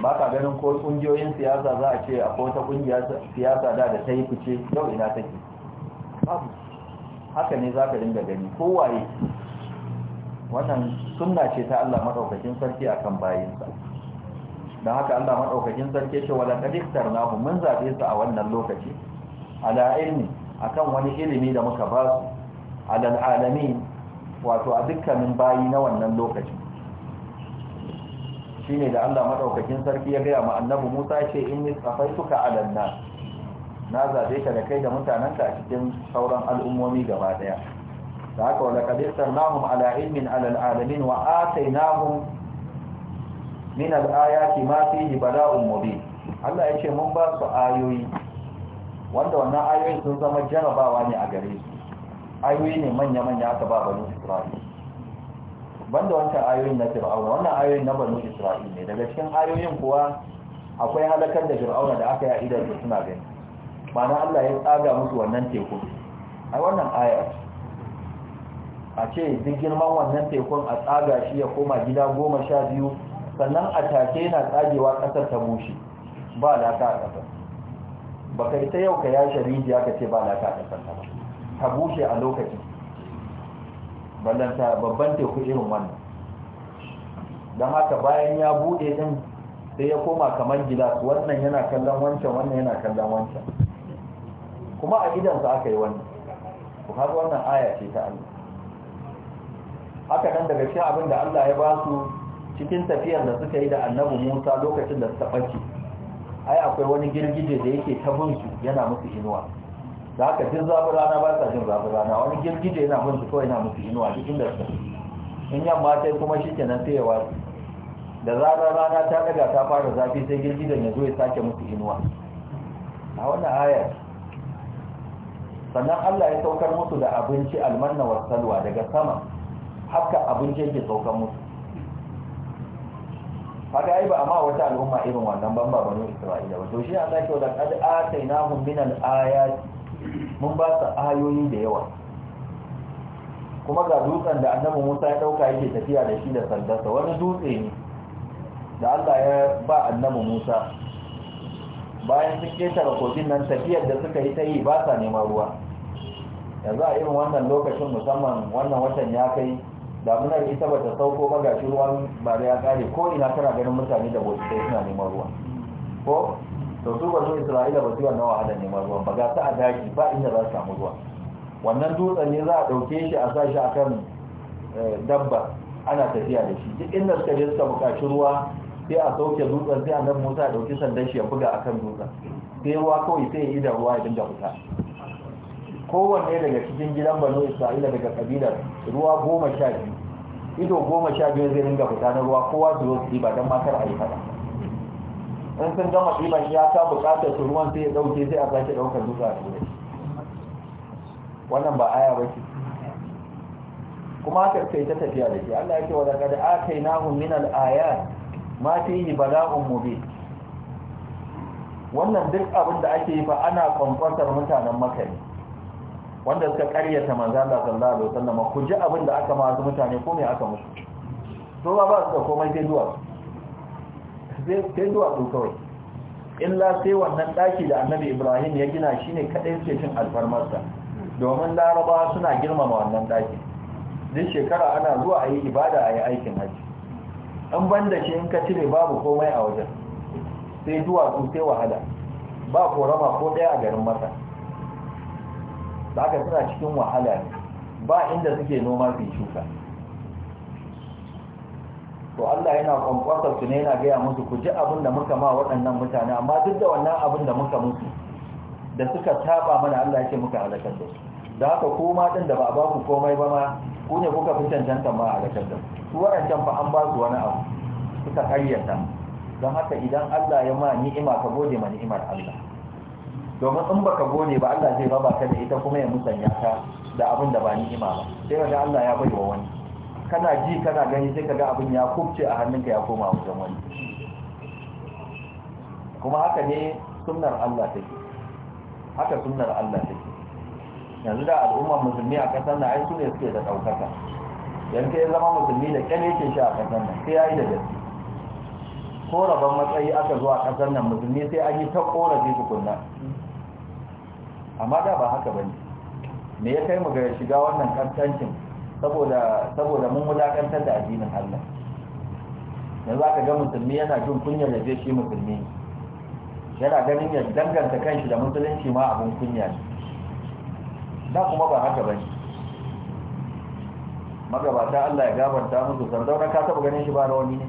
S1: ba ka ganin ko kungiyoyin siyasa za a ce akwai wata kungiya siyasa da da ta yi fice yau ina take haka ne za ka dinga gani kowaye wannan sunna ce ta Allah madaukakin sarki akan bayinsa dan haka Allah madaukakin sarki ce wala qadiktar nahu mun zabe su a wannan lokaci ala ilmi akan wani ilimi da muka ba su ala wato a dukkanin bayi na wannan lokaci shine da Allah maɗaukakin sarki ya ga ma annabi Musa ce yi safaituka ala na zabe ka da kai da mutanenka a cikin sauran al'ummomi gaba ɗaya. da haka wala kadistar nahum ala ilmin alal alamin wa atainahum min al-ayati ma fihi bala'un mubin Allah ya ce mun ba su ayoyi wanda wannan ayoyin sun zama jarabawa ne a gare su ayoyi ne manya-manya aka ba banu isra'il banda wancan ayoyin na Fir'aun wannan ayoyin na banu isra'il ne daga cikin ayoyin kuwa akwai halakar da Fir'aun da aka yi idan su suna gani ma'ana Allah ya tsaga musu wannan teku ai wannan ayar, a ce duk girman wannan tekun a tsaga shi ya koma gida goma sha biyu sannan a take yana tsagewa ƙasar ta bushe ba laka a ƙasar ba ka ita yau ka shari ji aka ce ba laka a ƙasar ta ta bushe a lokaci ballanta babban teku irin wannan don haka bayan ya buɗe ɗin sai ya koma kamar gilas wannan yana kallon wancan wannan yana kallon wancan kuma a gidansa aka yi wannan ku har wannan aya ce ta Allah haka nan daga cikin abin da Allah ya ba su cikin tafiyar da suka yi da annabi Musa lokacin da suka ɓace ai akwai wani girgije da yake ta bin su yana musu inuwa da haka jin zafin rana ba sa jin zafin rana wani girgije yana bin su kawai yana musu inuwa cikin da su in yamma ta kuma shi kenan sai ya wasu da zarar rana ta daga ta fara zafi sai girgijen ya zo ya sake musu inuwa a wannan ayar sannan Allah ya saukar musu da abinci almanna wa salwa daga sama haka abinci ke saukan musu haka ai ba amma wata al'umma irin wannan ban ba banu isra'ila ba to shi Allah ke da kad atainahum min al-ayat mun ba su ayoyi da yawa kuma ga dutsen da annabi Musa ya dauka yake tafiya da shi da sandarsa wani dutse ne da Allah ya ba annabi Musa bayan sun ketare kogin nan tafiyar da suka yi ta yi ba sa neman ruwa yanzu a irin wannan lokacin musamman wannan watan ya kai damunan ita bata sauko ba ruwa ruwan ba da ya kare ko ina tana ganin mutane da wasu sai suna neman ruwa ko to su isra'ila ba su wannan wahalar neman ruwan ba ga ta a daji ba inda za su samu ruwa wannan dutsen ne za a ɗauke shi a sa shi kan eh, dabba ana tafiya da shi duk inda suka je suka buƙaci ruwa sai a sauke dutsen sai a nan musa dauki ɗauki sandan shi ya buga akan dutsen sai ruwa kawai sai ya yi da ruwa ya dinga fita kowanne daga cikin gidan banu isra'ila daga kabilar ruwa goma sha biyu ido goma sha biyu zai ringa fita na ruwa kowa su zo su ɗiba don matar a yi fada in sun gama ɗiban ya ta buƙatar su ruwan sai ya ɗauke sai a sake ɗaukar dutse a turai wannan ba aya ba ce kuma aka kai ta tafiya da shi Allah ya ce wa yi atainahum min al-ayat ma yi bala'un mubin wannan duk abin da ake yi fa ana kwankwantar mutanen makka ne wanda suka karyata manzan da sallallahu alaihi wasallam ku ji abin da aka masu mutane ko me aka musu to ba su da komai sai duwa sai duwa su kawai illa sai wannan daki da annabi ibrahim ya gina shine kadai suke cin alfarmarsa domin laraba suna girmama wannan daki duk shekara ana zuwa a yi ibada a yi aikin haji in banda shi in ka cire babu komai a wajen sai duwatsu sai wahala ba korama ko ɗaya a garin masa da aka suna cikin wahala ne ba inda suke noma su shuka to Allah yana kwankwatar su ne yana gaya musu ku ji abin da muka ma waɗannan mutane amma duk da wannan abin da muka musu da suka taba mana Allah yake muka halakar da su da haka ko ma din da ba a ba ku komai ba ma ku ne kuka fi cancanta ma halakar da su waɗancan ba an ba su wani abu suka karyata don haka idan Allah ya ma ni'ima ka gode ma ni'imar Allah domin in baka gode ba Allah zai raba ka da ita kuma ya musanya ka da abin da ba ni'ima ba sai ga Allah ya bai wa wani kana ji kana gani sai ka ga abin ya kubce a hannunka ya koma wajen wani kuma haka ne sunnar Allah take haka sunnar Allah take yanzu da al'ummar musulmi a kasar na ai sune ne suke da daukaka yanzu ya zama musulmi da kyan yake shi a kasar nan sai yayi da gaske ko rabon matsayi aka zuwa kasar nan musulmi sai an yi ta korafi tukunna amma da ba haka bane me ya kai mu ga shiga wannan kantancin saboda saboda mun wulakantar da addinin Allah za ka ga musulmi yana jin kunya da zai shi musulmi yana ganin ya danganta kanshi da musulunci ma abin kunya ne da kuma ba haka bane magabata Allah ya gabanta musu sandauna ka taba ganin shi ba rawani ne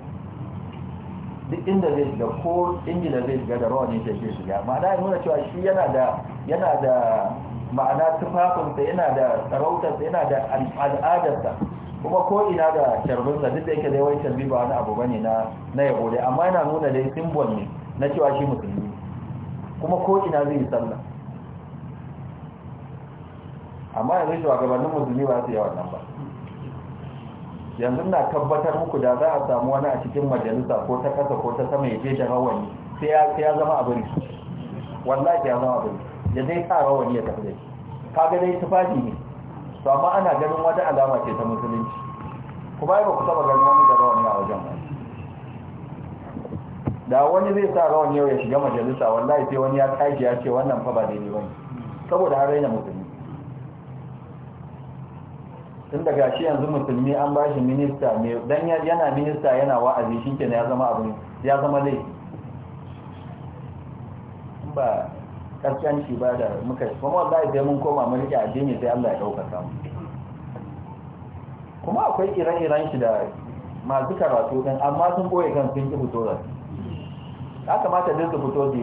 S1: duk inda zai shiga ko injina zai shiga da rawani shi ke shiga ma'ana ya nuna cewa shi yana da yana da ma'ana tufafinsa yana da sarautarsa yana da al'adarsa kuma ko ina da sharbinsa duk da yake dai wai sharbi ba wani abu bane na na yabo dai amma yana nuna dai simbol ne na cewa shi musulmi kuma ko ina zai yi sallah amma yanzu shugabannin musulmi ba su yi wannan ba yanzu na tabbatar muku da za a samu wani a cikin majalisa ko ta kasa ko ta sama ya je da rawani sai ya zama abin wallahi ya zama abin ya zai sa rawani ya tafi da shi Ka ga dai tufafi ne to amma ana ganin wata alama ce ta musulunci kuma ai ba ku saba ganin wani da rawani a wajen ba da wani zai sa rawani yau ya shiga majalisa wallahi sai wani ya tashi ya ce wannan fa ba daidai ne, saboda har raina musulmi tun daga shi yanzu musulmi an ba shi minista mai dan yana minista yana wa'azi shi ke ya zama abu ya zama laifi ba shi ba da muka shi kuma wanda ya mun koma mun rike addini sai Allah ya ɗaukaka mu kuma akwai iran-iran shi da masu karatu amma sun ɓoye kan sun ki fito da ya kamata duk su fito su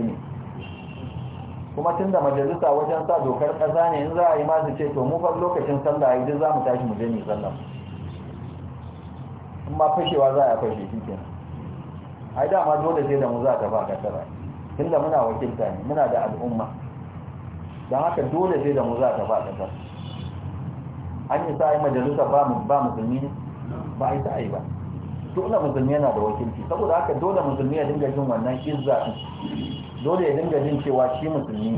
S1: kuma tun da majalisa wajen sa dokar ƙasa ne in za a yi masu ce to mu fa lokacin sallah yi duk za mu tashi mu je mu sallah in ma fashewa za a fashe shi ke ai dama dole sai da mu za ta fa kasara tun da muna wakilta ne muna da al'umma don haka dole sai da mu za ta fa kasar an yi sa yi majalisa ba musulmi ne ba a yi sa yi ba dole musulmi yana da wakilci saboda haka dole musulmi ya dinga jin wannan izza dole ya dinga jin cewa shi musulmi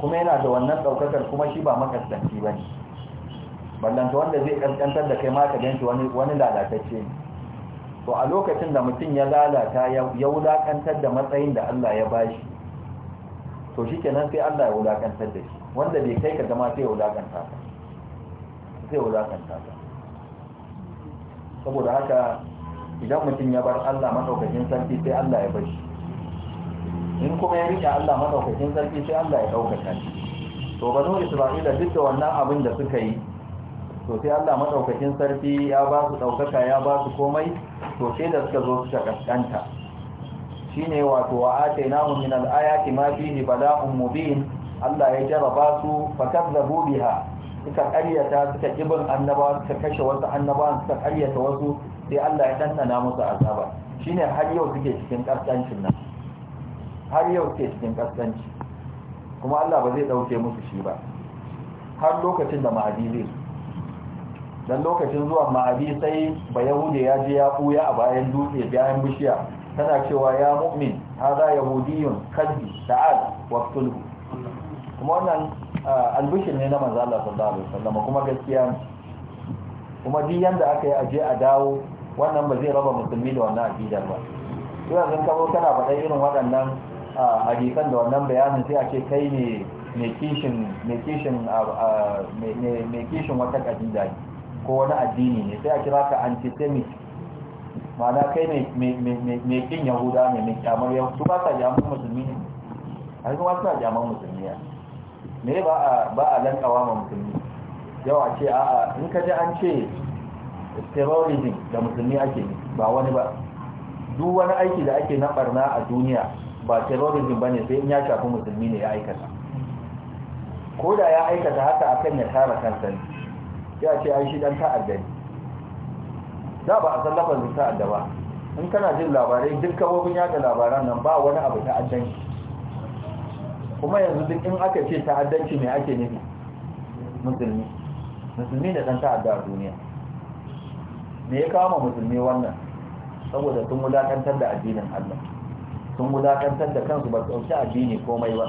S1: kuma yana da wannan daukakar kuma shi ba makasanci ne ballanta wanda zai kankantar da kai ma ka ganci wani lalatacce ne to a lokacin da mutum ya lalata ya wulakantar da matsayin da Allah ya bashi to shi kenan sai Allah ya wulakantar da shi wanda bai kai ka zama sai ya wulakanta ka sai ya ka saboda haka idan mutum ya bar Allah madaukakin sarki sai Allah ya bashi. in kuma ya rike Allah madaukakin sarki sai Allah ya daukaka shi to banu Isra'ila duk da wannan abin da suka yi to sai Allah madaukakin sarki ya ba su daukaka ya ba su komai to sai da suka zo suka kaskanta shine wato wa atainahum min al-ayati ma fihi bala'un mubin Allah ya jaraba su kadzabu biha suka ƙaryata suka kibin annaba suka kashe wasu annaba suka ƙaryata wasu sai Allah ya dandana musu azaba shine har yau suke cikin kaskancin nan har yau ke cikin kaskanci kuma Allah ba zai dauke musu shi ba har lokacin da ma'adi zai dan lokacin zuwa ma'adi sai ba yahude ya je ya buya a bayan dutse bayan bishiya tana cewa ya mu'min hada yahudiyun kaddi wa waqtulhu kuma wannan albishir ne na manzo Allah sallallahu alaihi kuma gaskiya kuma duk yanda aka yi aje a dawo wannan ba zai raba musulmi da wannan aqidar ba yau ka kawo kana faɗa irin waɗannan hadisan da wannan bayanin sai a ce kai ne mai kishin wata ƙadida ne ko wani addini ne sai a kira ka antisemit Ma'ana kai mai kin yahuda ne mai kyamar yau su ba sa jaman musulmi ne a kuma suna jaman musulmi ya me ba a lankawa ma musulmi Yau a ce a in ka ji an ce terrorism da musulmi ake ba wani ba duk wani aiki da ake na barna a duniya ba terrorism ba ne sai in ya shafi musulmi ne ya aikata ko da ya aikata haka akan ya tara kansa ne ya ce ai shi dan ta'adda ne da ba a san lafazin ta'adda ba in kana jin labarai duk kafofin yada labaran nan ba wani abu ta'addanci kuma yanzu duk in aka ce ta'addanci mai ake nufi musulmi musulmi da dan ta'adda a duniya me ya kama musulmi wannan saboda sun wulakantar da addinin Allah sun wulaƙantar da kansu ba su ɗauki addini komai ba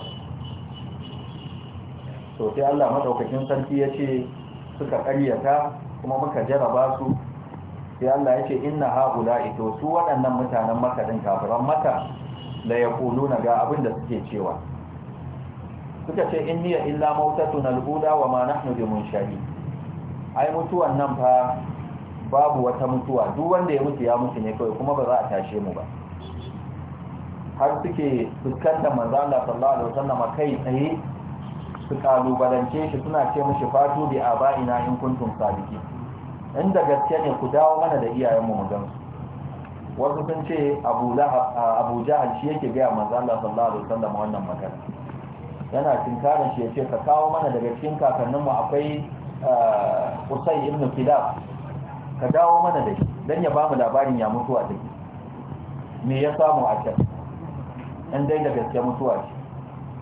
S1: to sai Allah madaukakin sarki ya ce suka ƙaryata kuma muka jaraba su sai Allah ya ce inna haula ito su waɗannan mutanen maka din kafiran maka kulu na ga abin da suke cewa suka ce in inni illa mautatun na wa ma nahnu ai mutuwan nan fa babu wata mutuwa duk wanda ya mutu ya mutu ne kawai kuma ba za a tashe mu ba har suke fuskantar manzala sallallahu alaihi wasallam kai tsaye su kalubalance shi suna ce mishi fatu bi aba'ina in kuntum sadiki in da gaske ne ku dawo mana da iyayenmu mu gan wasu sun ce Abu Lahab Abu Jahal shi yake ga manzala sallallahu alaihi wasallam wannan magana yana tinkarin shi yace ka kawo mana daga cikin kakannin mu akwai Usay ibn Kilab ka dawo mana da shi dan ya ba mu labarin ya mutu a take me ya samu a can in dai da gaske mutuwa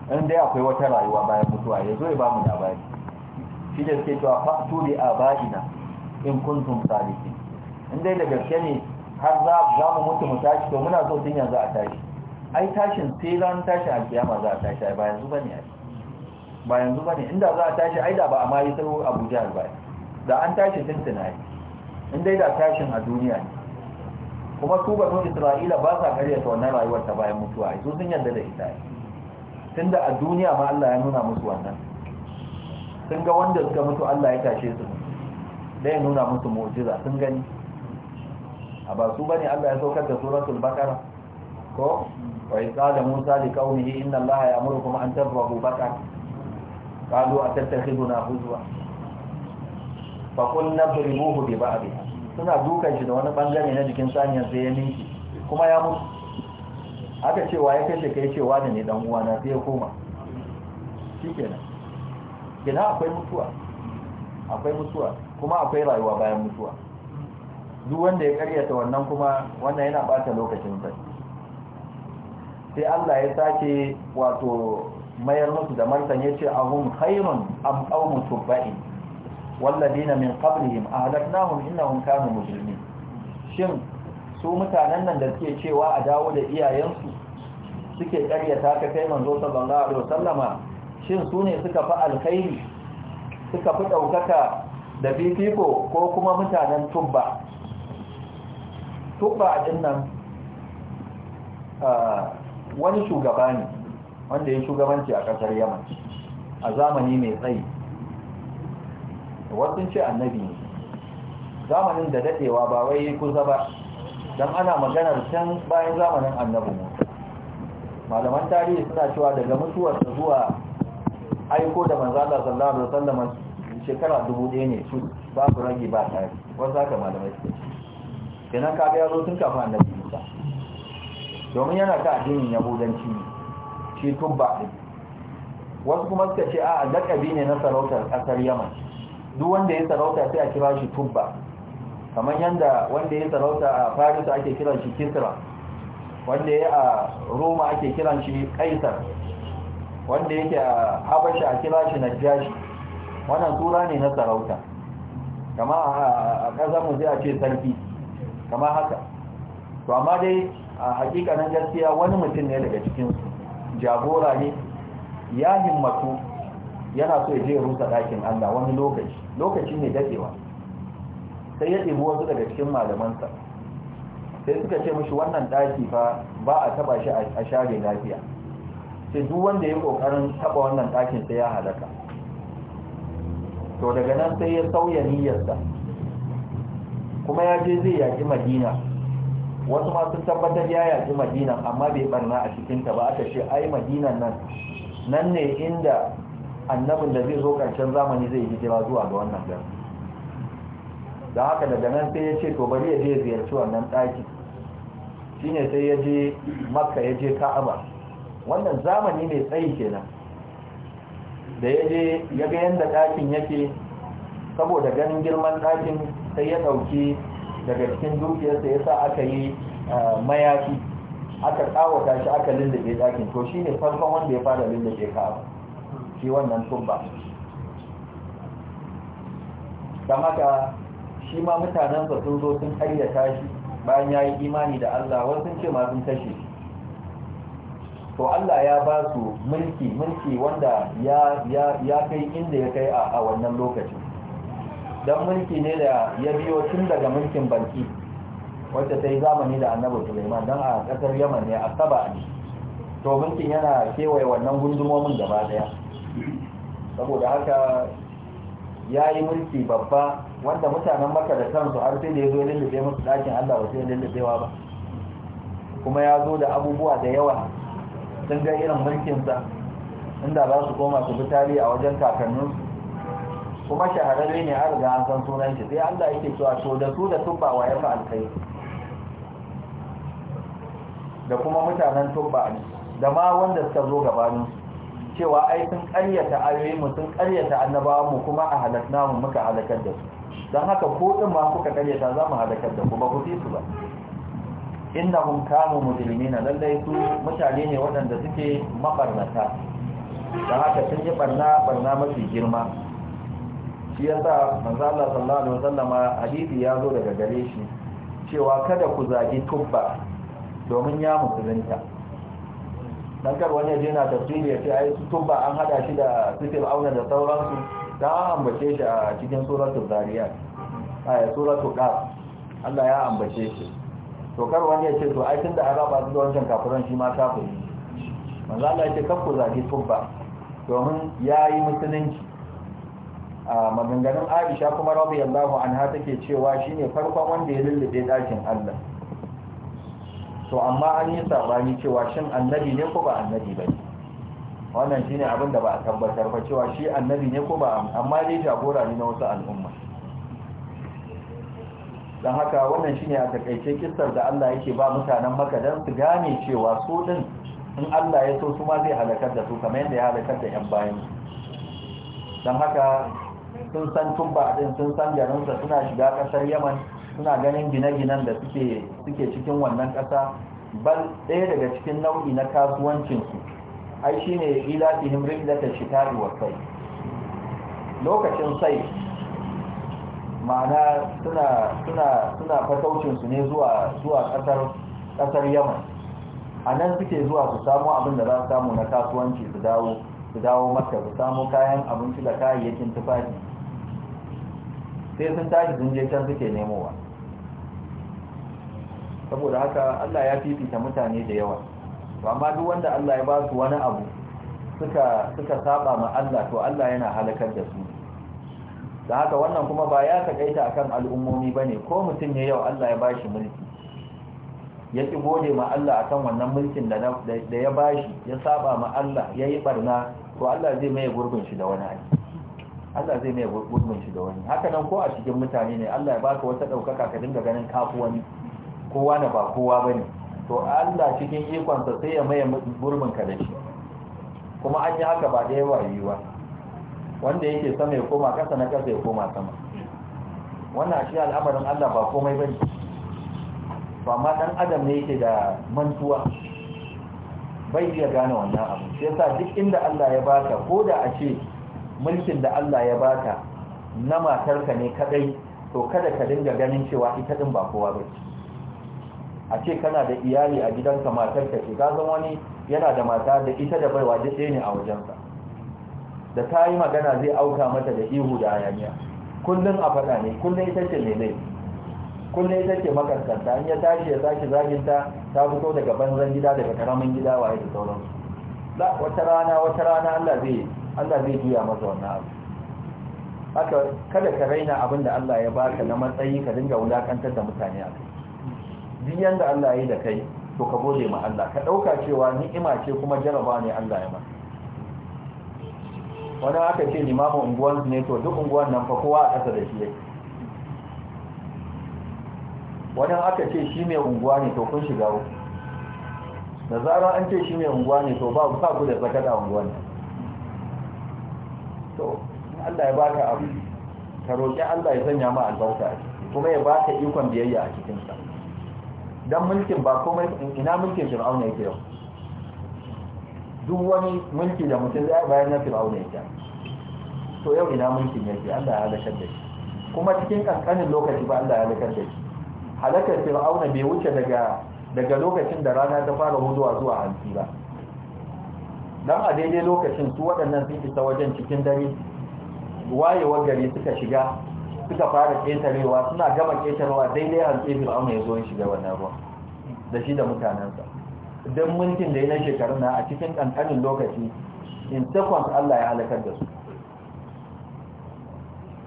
S1: ce in dai akwai wata rayuwa bayan mutuwa ya zo ya ba mu labari shi da suke cewa fa'tu li abaina in kuntum salihin in dai da gaske ne har za mu mutu mu tashi to muna so tun yanzu a tashi ai tashin sai ran tashi alkiyama za a tashi ai ba yanzu ne ai ba yanzu ne inda za a tashi ai da ba a ma yi tsaro Abuja ba da an tashi tuntuna ai in dai da tashin a duniya ne kuma su banu isra'ila ba sa ta wannan rayuwar ta bayan mutuwa ai su sun yarda da ita tunda a duniya ma Allah ya nuna musu wannan sun ga wanda suka mutu Allah ya tashe su da ya nuna musu mu'jiza sun gani a ba su bane Allah ya saukar da suratul baqara ko wa qala musa li qaumihi inna allaha ya'murukum an tadhbahu baqara qalu atattakhiduna huzwa fa qulna bi ba'dihha suna dukan shi da wani bangare na jikin saniyar sai ya ninki kuma ya mutu aka cewa ya kashe kai cewa da ne dan uwana sai ya koma shikenan gina akwai mutuwa akwai mutuwa kuma akwai rayuwa bayan mutuwa duk wanda ya karyata wannan kuma wannan yana bata lokacin sa sai Allah ya sake wato mayar musu da martan yace ahum khairun am qaumun tubba'in والذين من قبلهم أهلكناهم إنهم كانوا مجرمين shin su mutanen nan da suke cewa a dawo da iyayensu suke karyata ka kai manzo sallallahu alaihi wasallama shin su ne suka fi alkhairi suka fi ɗaukaka da fifiko ko kuma mutanen tubba tubba a dinnan wani shugaba ne wanda ya shugabanci a ƙasar yaman a zamani mai tsayi wasu ce annabi ne zamanin da dadewa ba wai kusa ba don ana maganar can bayan zamanin annabi ne. malaman tarihi suna cewa daga mutuwarsa zuwa aiko da manzala sallallahu alaihi wasallam shekara dubu ɗaya ne su ba su rage ba tare wasu haka malamai suke kenan kaga ya zo tun kafa annabi nisa. domin yana ta addinin yahudanci ne shi tubba ɗin wasu kuma suka ce a lakabi ne na sarautar ƙasar yaman duk wanda ya sarauta sai a kira shi tubba kamar yadda wanda ya sarauta a faris ake kiran shi kisra wanda ya a roma ake kiran shi kaisar wanda yake a habasha a kira shi najashi wannan tura ne na sarauta kama a ƙasar mu zai a ce sarki kama haka to amma dai a hakikanin gaskiya wani mutum ne daga cikinsu jagora ne ya himmatu yana so ya je ya rusa ɗakin Allah wani lokaci lokaci ne dadewa sai ya ɗebi wasu daga cikin malamansa sai suka ce mashi wannan ɗaki fa ba a taba shi a share lafiya sai duk wanda ya kokarin taba wannan ɗakin sai ya halaka to daga nan sai ya sauya niyyarsa kuma ya je zai yaƙi madina wasu ma sun tabbatar ya yaki madina amma bai barna a cikinta ba aka ce ai madinan nan nan ne inda annabin da zai zo karshen zamani zai yi hijira zuwa ga wannan gari da haka daga nan sai ya ce to bari ya je ziyarci wannan ɗaki shine sai ya je makka ya je ka'aba wannan zamani ne tsayi kenan da ya je ya ga yadda ɗakin yake saboda ganin girman ɗakin sai ya ɗauki daga cikin dukiyarsa ya sa aka yi eh, mayafi aka tsawata shi aka lullube ɗakin to shine farkon wanda ya fara lullube ka'aba shi wannan tumba kama ka shi ma mutanensa sun zo sun karyata shi bayan ya yi imani da Allah wasu ce ma sun kashe to Allah ya ba su mulki mulki wanda ya kai inda ya kai a wannan lokacin don mulki ne da ya biyo tun daga mulkin banki wacce ta yi zamani da annabi suleiman don a ƙasar yaman ne a saba ne to mulkin yana kewaye wannan gundumomin gaba ɗaya. saboda haka ya yi mulki babba wanda mutanen maka da kansu har sai da ya zo ya lullube musu ɗakin Allah ba sai lullubewa ba kuma ya zo da abubuwa da yawa sun ga irin mulkinsa inda za su koma su bi a wajen kakanninsu kuma shahararre ne har ga an san sunan shi sai Allah yake cewa to da su da tubba wa ya fa alkai da kuma mutanen tubba da ma wanda suka zo gabanin cewa ai sun ƙaryata ayoyin mu sun ƙaryata annabawan mu kuma a halakna mu muka halakar da su dan haka ko din ma kuka ƙaryata za mu halakar da ku ba ku fi su ba innahum kanu mujrimina lallai su mutane ne waɗanda suke mabarnata dan haka sun yi barna barna mafi girma shi yasa manzo Allah sallallahu alaihi wasallama hadisi ya zo daga gare shi cewa kada ku zagi tubba domin ya musulunta dan kar wani yaje na tafsiri ya ce ai tun ba an hada shi da sitil auna da sauransu da ambace shi a cikin suratul zariyat aya suratul qaf Allah ya ambace shi to kar wani ya ce to ai tunda an raba su da wancan kafiran shi ma kafiri manzo Allah yace ce zaki ku tubba domin yayi musulunci a maganganun Aisha kuma radiyallahu anha take cewa shine farkon wanda ya lullube dakin Allah to amma an yi sabani cewa shin annabi ne ko ba annabi ba wannan shine abin da ba a tabbatar ba cewa shi annabi ne ko ba amma dai jagora ne na wasu al'umma don haka wannan shine a takaice kistar da Allah yake ba mutanen maka don su gane cewa su din in Allah ya so su ma zai halakar da su kamar yadda ya halakar da yan bayan don haka sun san tumba din sun san garinsa suna shiga kasar yaman suna ganin gine-ginen da suke cikin wannan ƙasa bal ɗaya daga cikin nau'i na kasuwancinsu ai shi ne ila ihim riblata shitari wa sai lokacin sai ma'ana suna fataucinsu ne zuwa ƙasar yamma a nan suke zuwa su samu abin da za su samu na kasuwanci su dawo su maka su samu kayan abinci da kayayyakin tufafi sai sun tashi sun je can suke nemowa saboda haka Allah ya fifita mutane da yawa amma duk wanda Allah ya ba su wani abu suka suka saba ma Allah to Allah yana halakar da su da haka wannan kuma ba ya takaita akan al'ummomi bane ko mutum ne yau Allah ya bashi mulki ya ki gode ma Allah akan wannan mulkin da ya bashi ya saba ma Allah yayi barna to Allah zai mai gurbin shi da wani aiki Allah zai mai gudun shi da wani haka nan ko a cikin mutane ne Allah ya baka wata daukaka ka dinga ganin kafu wani kowa na ba kowa bane to Allah cikin ikonsa sai ya maye gurbin ka da shi kuma an yi haka ba da yawa yiwa wanda yake sama ya koma kasa na kasa ya koma sama wannan shi al'amarin Allah ba komai bane ba ma dan adam ne yake da mantuwa bai iya gane wannan abu sai sa duk inda Allah ya baka ko da a ce mulkin da Allah ya baka na matarka ne kadai to kada ka dinga ganin cewa ita din ba kowa ba a ce kana da iyali a gidanka matarka ce gazan wani yana da mata da ita da baiwa duk ɗaya ne a wajensa da ta yi magana zai auka mata da ihu da hayaniya kullum a faɗa ne kullum ita ce mai laifi kullum ita ce makarkanta an ya tashi ya sake zaginta ta fito daga banzan gida daga karamin gida waye da sauransu wata rana wata rana Allah zai Allah zai juya masa wannan abu haka kada ka raina abin da Allah ya baka na matsayi ka dinga wulakantar da mutane a kai duk yanda Allah ya yi da kai to ka gode ma Allah ka ɗauka cewa ni'ima ce kuma jaraba ne Allah ya ba. wani aka ce limamin unguwan ne to duk unguwan nan fa kowa a ƙasa da shi yake wani aka ce shi mai unguwa ne to kun shiga da zarar an ce shi mai unguwa ne to ba ku da zakata unguwan nan to Allah ya baka abu ka roƙi Allah ya sanya ma albarka kuma ya baka ikon biyayya a cikin sa dan mulkin ba komai ina mulkin Fir'auna yake yau duk wani mulki da mutum zai bayar na Fir'auna yake to yau ina mulkin yake Allah ya halaka da shi kuma cikin kankanin lokaci ba Allah ya halaka da shi halakar Fir'auna bai wuce daga daga lokacin da rana ta fara huduwa zuwa hanci ba Dan a daidai lokacin su waɗannan sun isa wajen cikin dare wayewar gari suka shiga suka fara ƙetarewa suna gama ƙetarewa daidai hantsi fir'auna ya zo ya shiga wannan ruwan da shi da mutanensa don mulkin da ya na shekarun na a cikin ƙanƙanin lokaci in seconds Allah ya halakar da su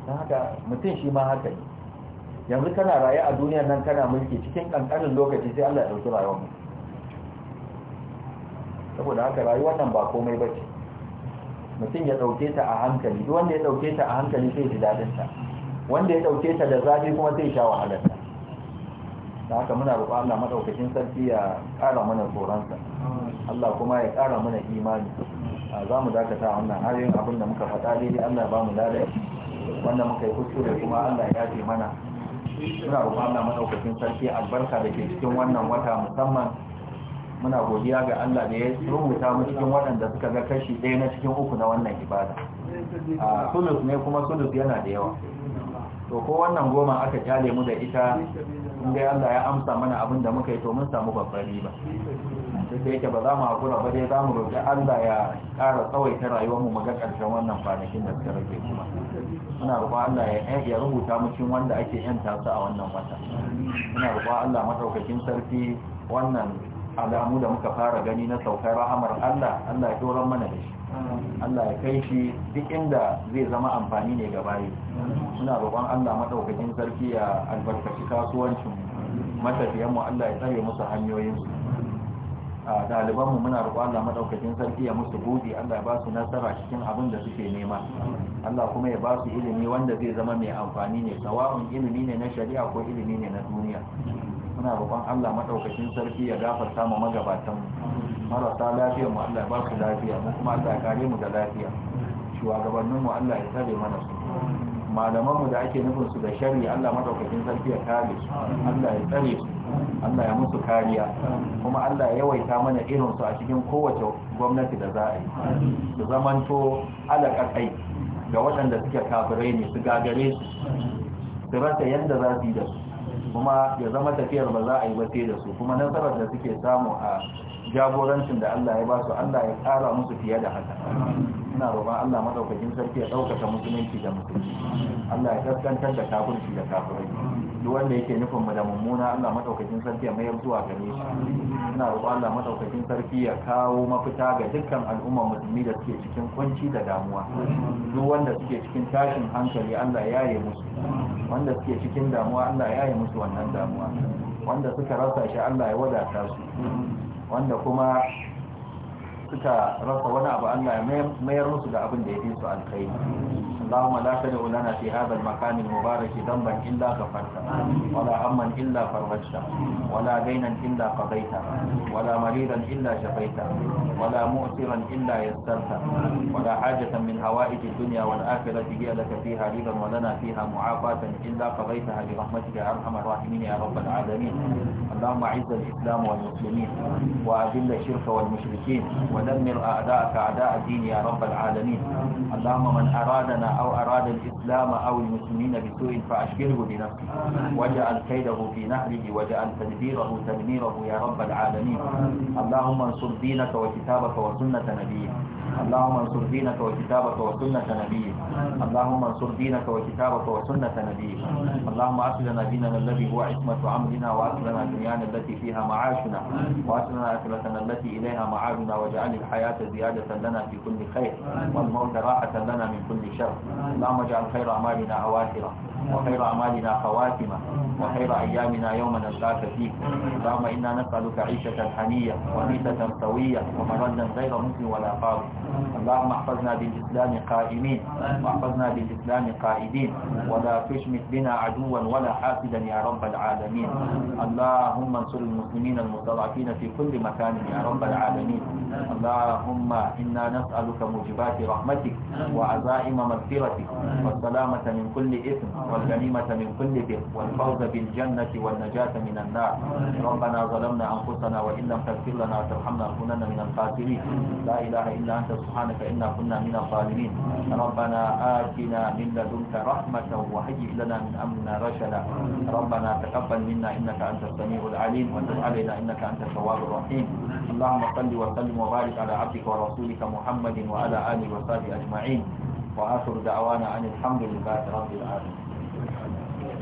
S1: don haka mutum shi ma haka ne yanzu kana raye a duniyar nan kana mulki cikin ƙanƙanin lokaci sai Allah ya ɗauki rayuwar mutum saboda haka rayuwar nan ba komai ba ce mutum ya ɗauke ta a hankali duk wanda ya ɗauke ta a hankali sai ji dadin ta wanda ya ɗauke ta da zafi kuma sai sha wahalar ta da haka muna roƙon Allah madaukakin sarki ya ƙara mana tsoron sa. Allah kuma ya ƙara mana imani za mu dakata a wannan ayoyin abin da muka faɗa daidai Allah ba mu lalai wanda muka yi kuskure kuma Allah ya ce mana muna roƙon Allah madaukakin sarki albarka da ke cikin wannan wata musamman muna godiya ga Allah da ya rubuta mu cikin waɗanda suka ga kashi ɗaya na cikin uku na wannan ibada a sulus ne kuma sulus yana da yawa to ko wannan goma aka kyale mu da ita in dai Allah ya amsa mana abin da muka yi to mun samu babbar riba duk da yake ba za mu haƙura ba dai za mu roƙi Allah ya ƙara tsawaita rayuwar mu ga ƙarshen wannan kwanakin da suka rage kuma muna roƙon Allah ya eh, rubuta mu cikin wanda ake yanta su a wannan wata muna roƙon Allah madaukakin sarki wannan alamu da muka fara gani na saukar rahamar Allah Allah ya doron mana da shi Allah ya kai shi duk inda zai zama amfani ne ga bayi suna roƙon Allah maɗaukacin sarki ya albarkaci kasuwancin matafiyanmu Allah ya tsare musu hanyoyin su a muna roƙon Allah maɗaukacin sarki ya musu buɗe Allah ya ba su nasara cikin abin da suke nema Allah kuma ya ba su ilimi wanda zai zama mai amfani ne sawa'un ilimi ne na shari'a ko ilimi ne na duniya muna roƙon Allah madaukakin sarki ya gafarta mu magabatan marasa lafiya mu Allah ba su lafiya mu kuma Allah ya kare mu da lafiya shugabannin mu Allah ya tsare mana su malaman mu da ake nufin su da sharri Allah madaukakin sarki ya kare su Allah ya tsare su Allah ya musu kariya kuma Allah ya yawaita mana irin su a cikin kowace gwamnati da za a yi su zamanto alaƙaƙai ga waɗanda suke kafirai ne su gagare su su rasa yadda za su yi da su kuma ya zama tafiyar ba za a yi wace da su kuma nasarar da suke samu a jagorancin da Allah ya ba su Allah ya tsara musu fiye da haka ina roƙon Allah madaukakin sarki ya ɗaukaka musulunci da musulunci Allah ya kaskantar da kafirci da kafirai duk wanda yake nufin mu da mummuna Allah madaukakin sarki ya mayar zuwa gare shi ina roƙon Allah madaukakin sarki ya kawo mafita ga dukkan al'umma musulmi da suke cikin kunci da damuwa duk wanda suke cikin tashin hankali Allah ya yi musu wanda suke cikin damuwa Allah ya yi musu wannan damuwa wanda suka rasa shi Allah ya wadata su wanda kuma suka rasa wani abu Allah mayar musu da abin da ya fi su alkai Allahumma la tad'u lana fi hadha al-makan al-mubarak illa ghafarta wa la illa farajta wa la illa qadayta wa la maridan illa shafaita wa la mu'siran illa yassarta wa la hajatan min hawaij ad-dunya wal akhirati hiya laka fiha ridan wa lana fiha mu'afatan illa qadaytaha bi rahmatika ya arhamar rahimin ya rabbal alamin Allahumma 'izz al-islam wal muslimin wa adhill shirka wal mushrikeen ودمر أعداءك أعداء الدين يا رب العالمين اللهم من أرادنا أو أراد الإسلام أو المسلمين بسوء فأشكره بنفسه واجعل كيده في نحره واجعل تدبيره تدميره يا رب العالمين اللهم انصر دينك وكتابك وسنة نبيك اللهم انصر دينك وكتابك وسنة نبيك اللهم انصر دينك وكتابك وسنة نبيك اللهم أسلنا ديننا الذي هو عصمة عملنا وأسلنا دنيانا التي فيها معاشنا وأسلنا أسلتنا التي إليها معادنا واجعل الحياة زيادة لنا في كل خير والموت راحة لنا من كل شر اللهم اجعل خير أعمالنا أواخرة وخير أعمالنا خواتمة وخير أيامنا يوم نلقاك فيه اللهم إنا نسألك عيشة حنية وميتة سوية ومردا غير مسلم ولا فاضل اللهم احفظنا بالإسلام قائمين واحفظنا بالإسلام قائدين ولا تشمت بنا عدوا ولا حاسدا يا رب العالمين اللهم انصر المسلمين المستضعفين في كل مكان يا رب العالمين اللهم إنا نسألك موجبات رحمتك وعزائم مغفرتك والسلامة من كل إثم والغنيمة من كل بر والفوز بالجنة والنجاة من النار ربنا ظلمنا أنفسنا وإن لم تغفر لنا وترحمنا لنكونن من الخاسرين لا إله إلا أنت سبحانك إنا كنا من الظالمين ربنا آتنا من لدنك رحمة وهيئ لنا من أمرنا رشدا ربنا تقبل منا إنك أنت السميع العليم وتب علينا إنك أنت التواب الرحيم اللهم صل وسلم وبارك على عبدك ورسولك محمد وعلى آله وصحبه أجمعين وآخر دعوانا أن الحمد لله رب العالمين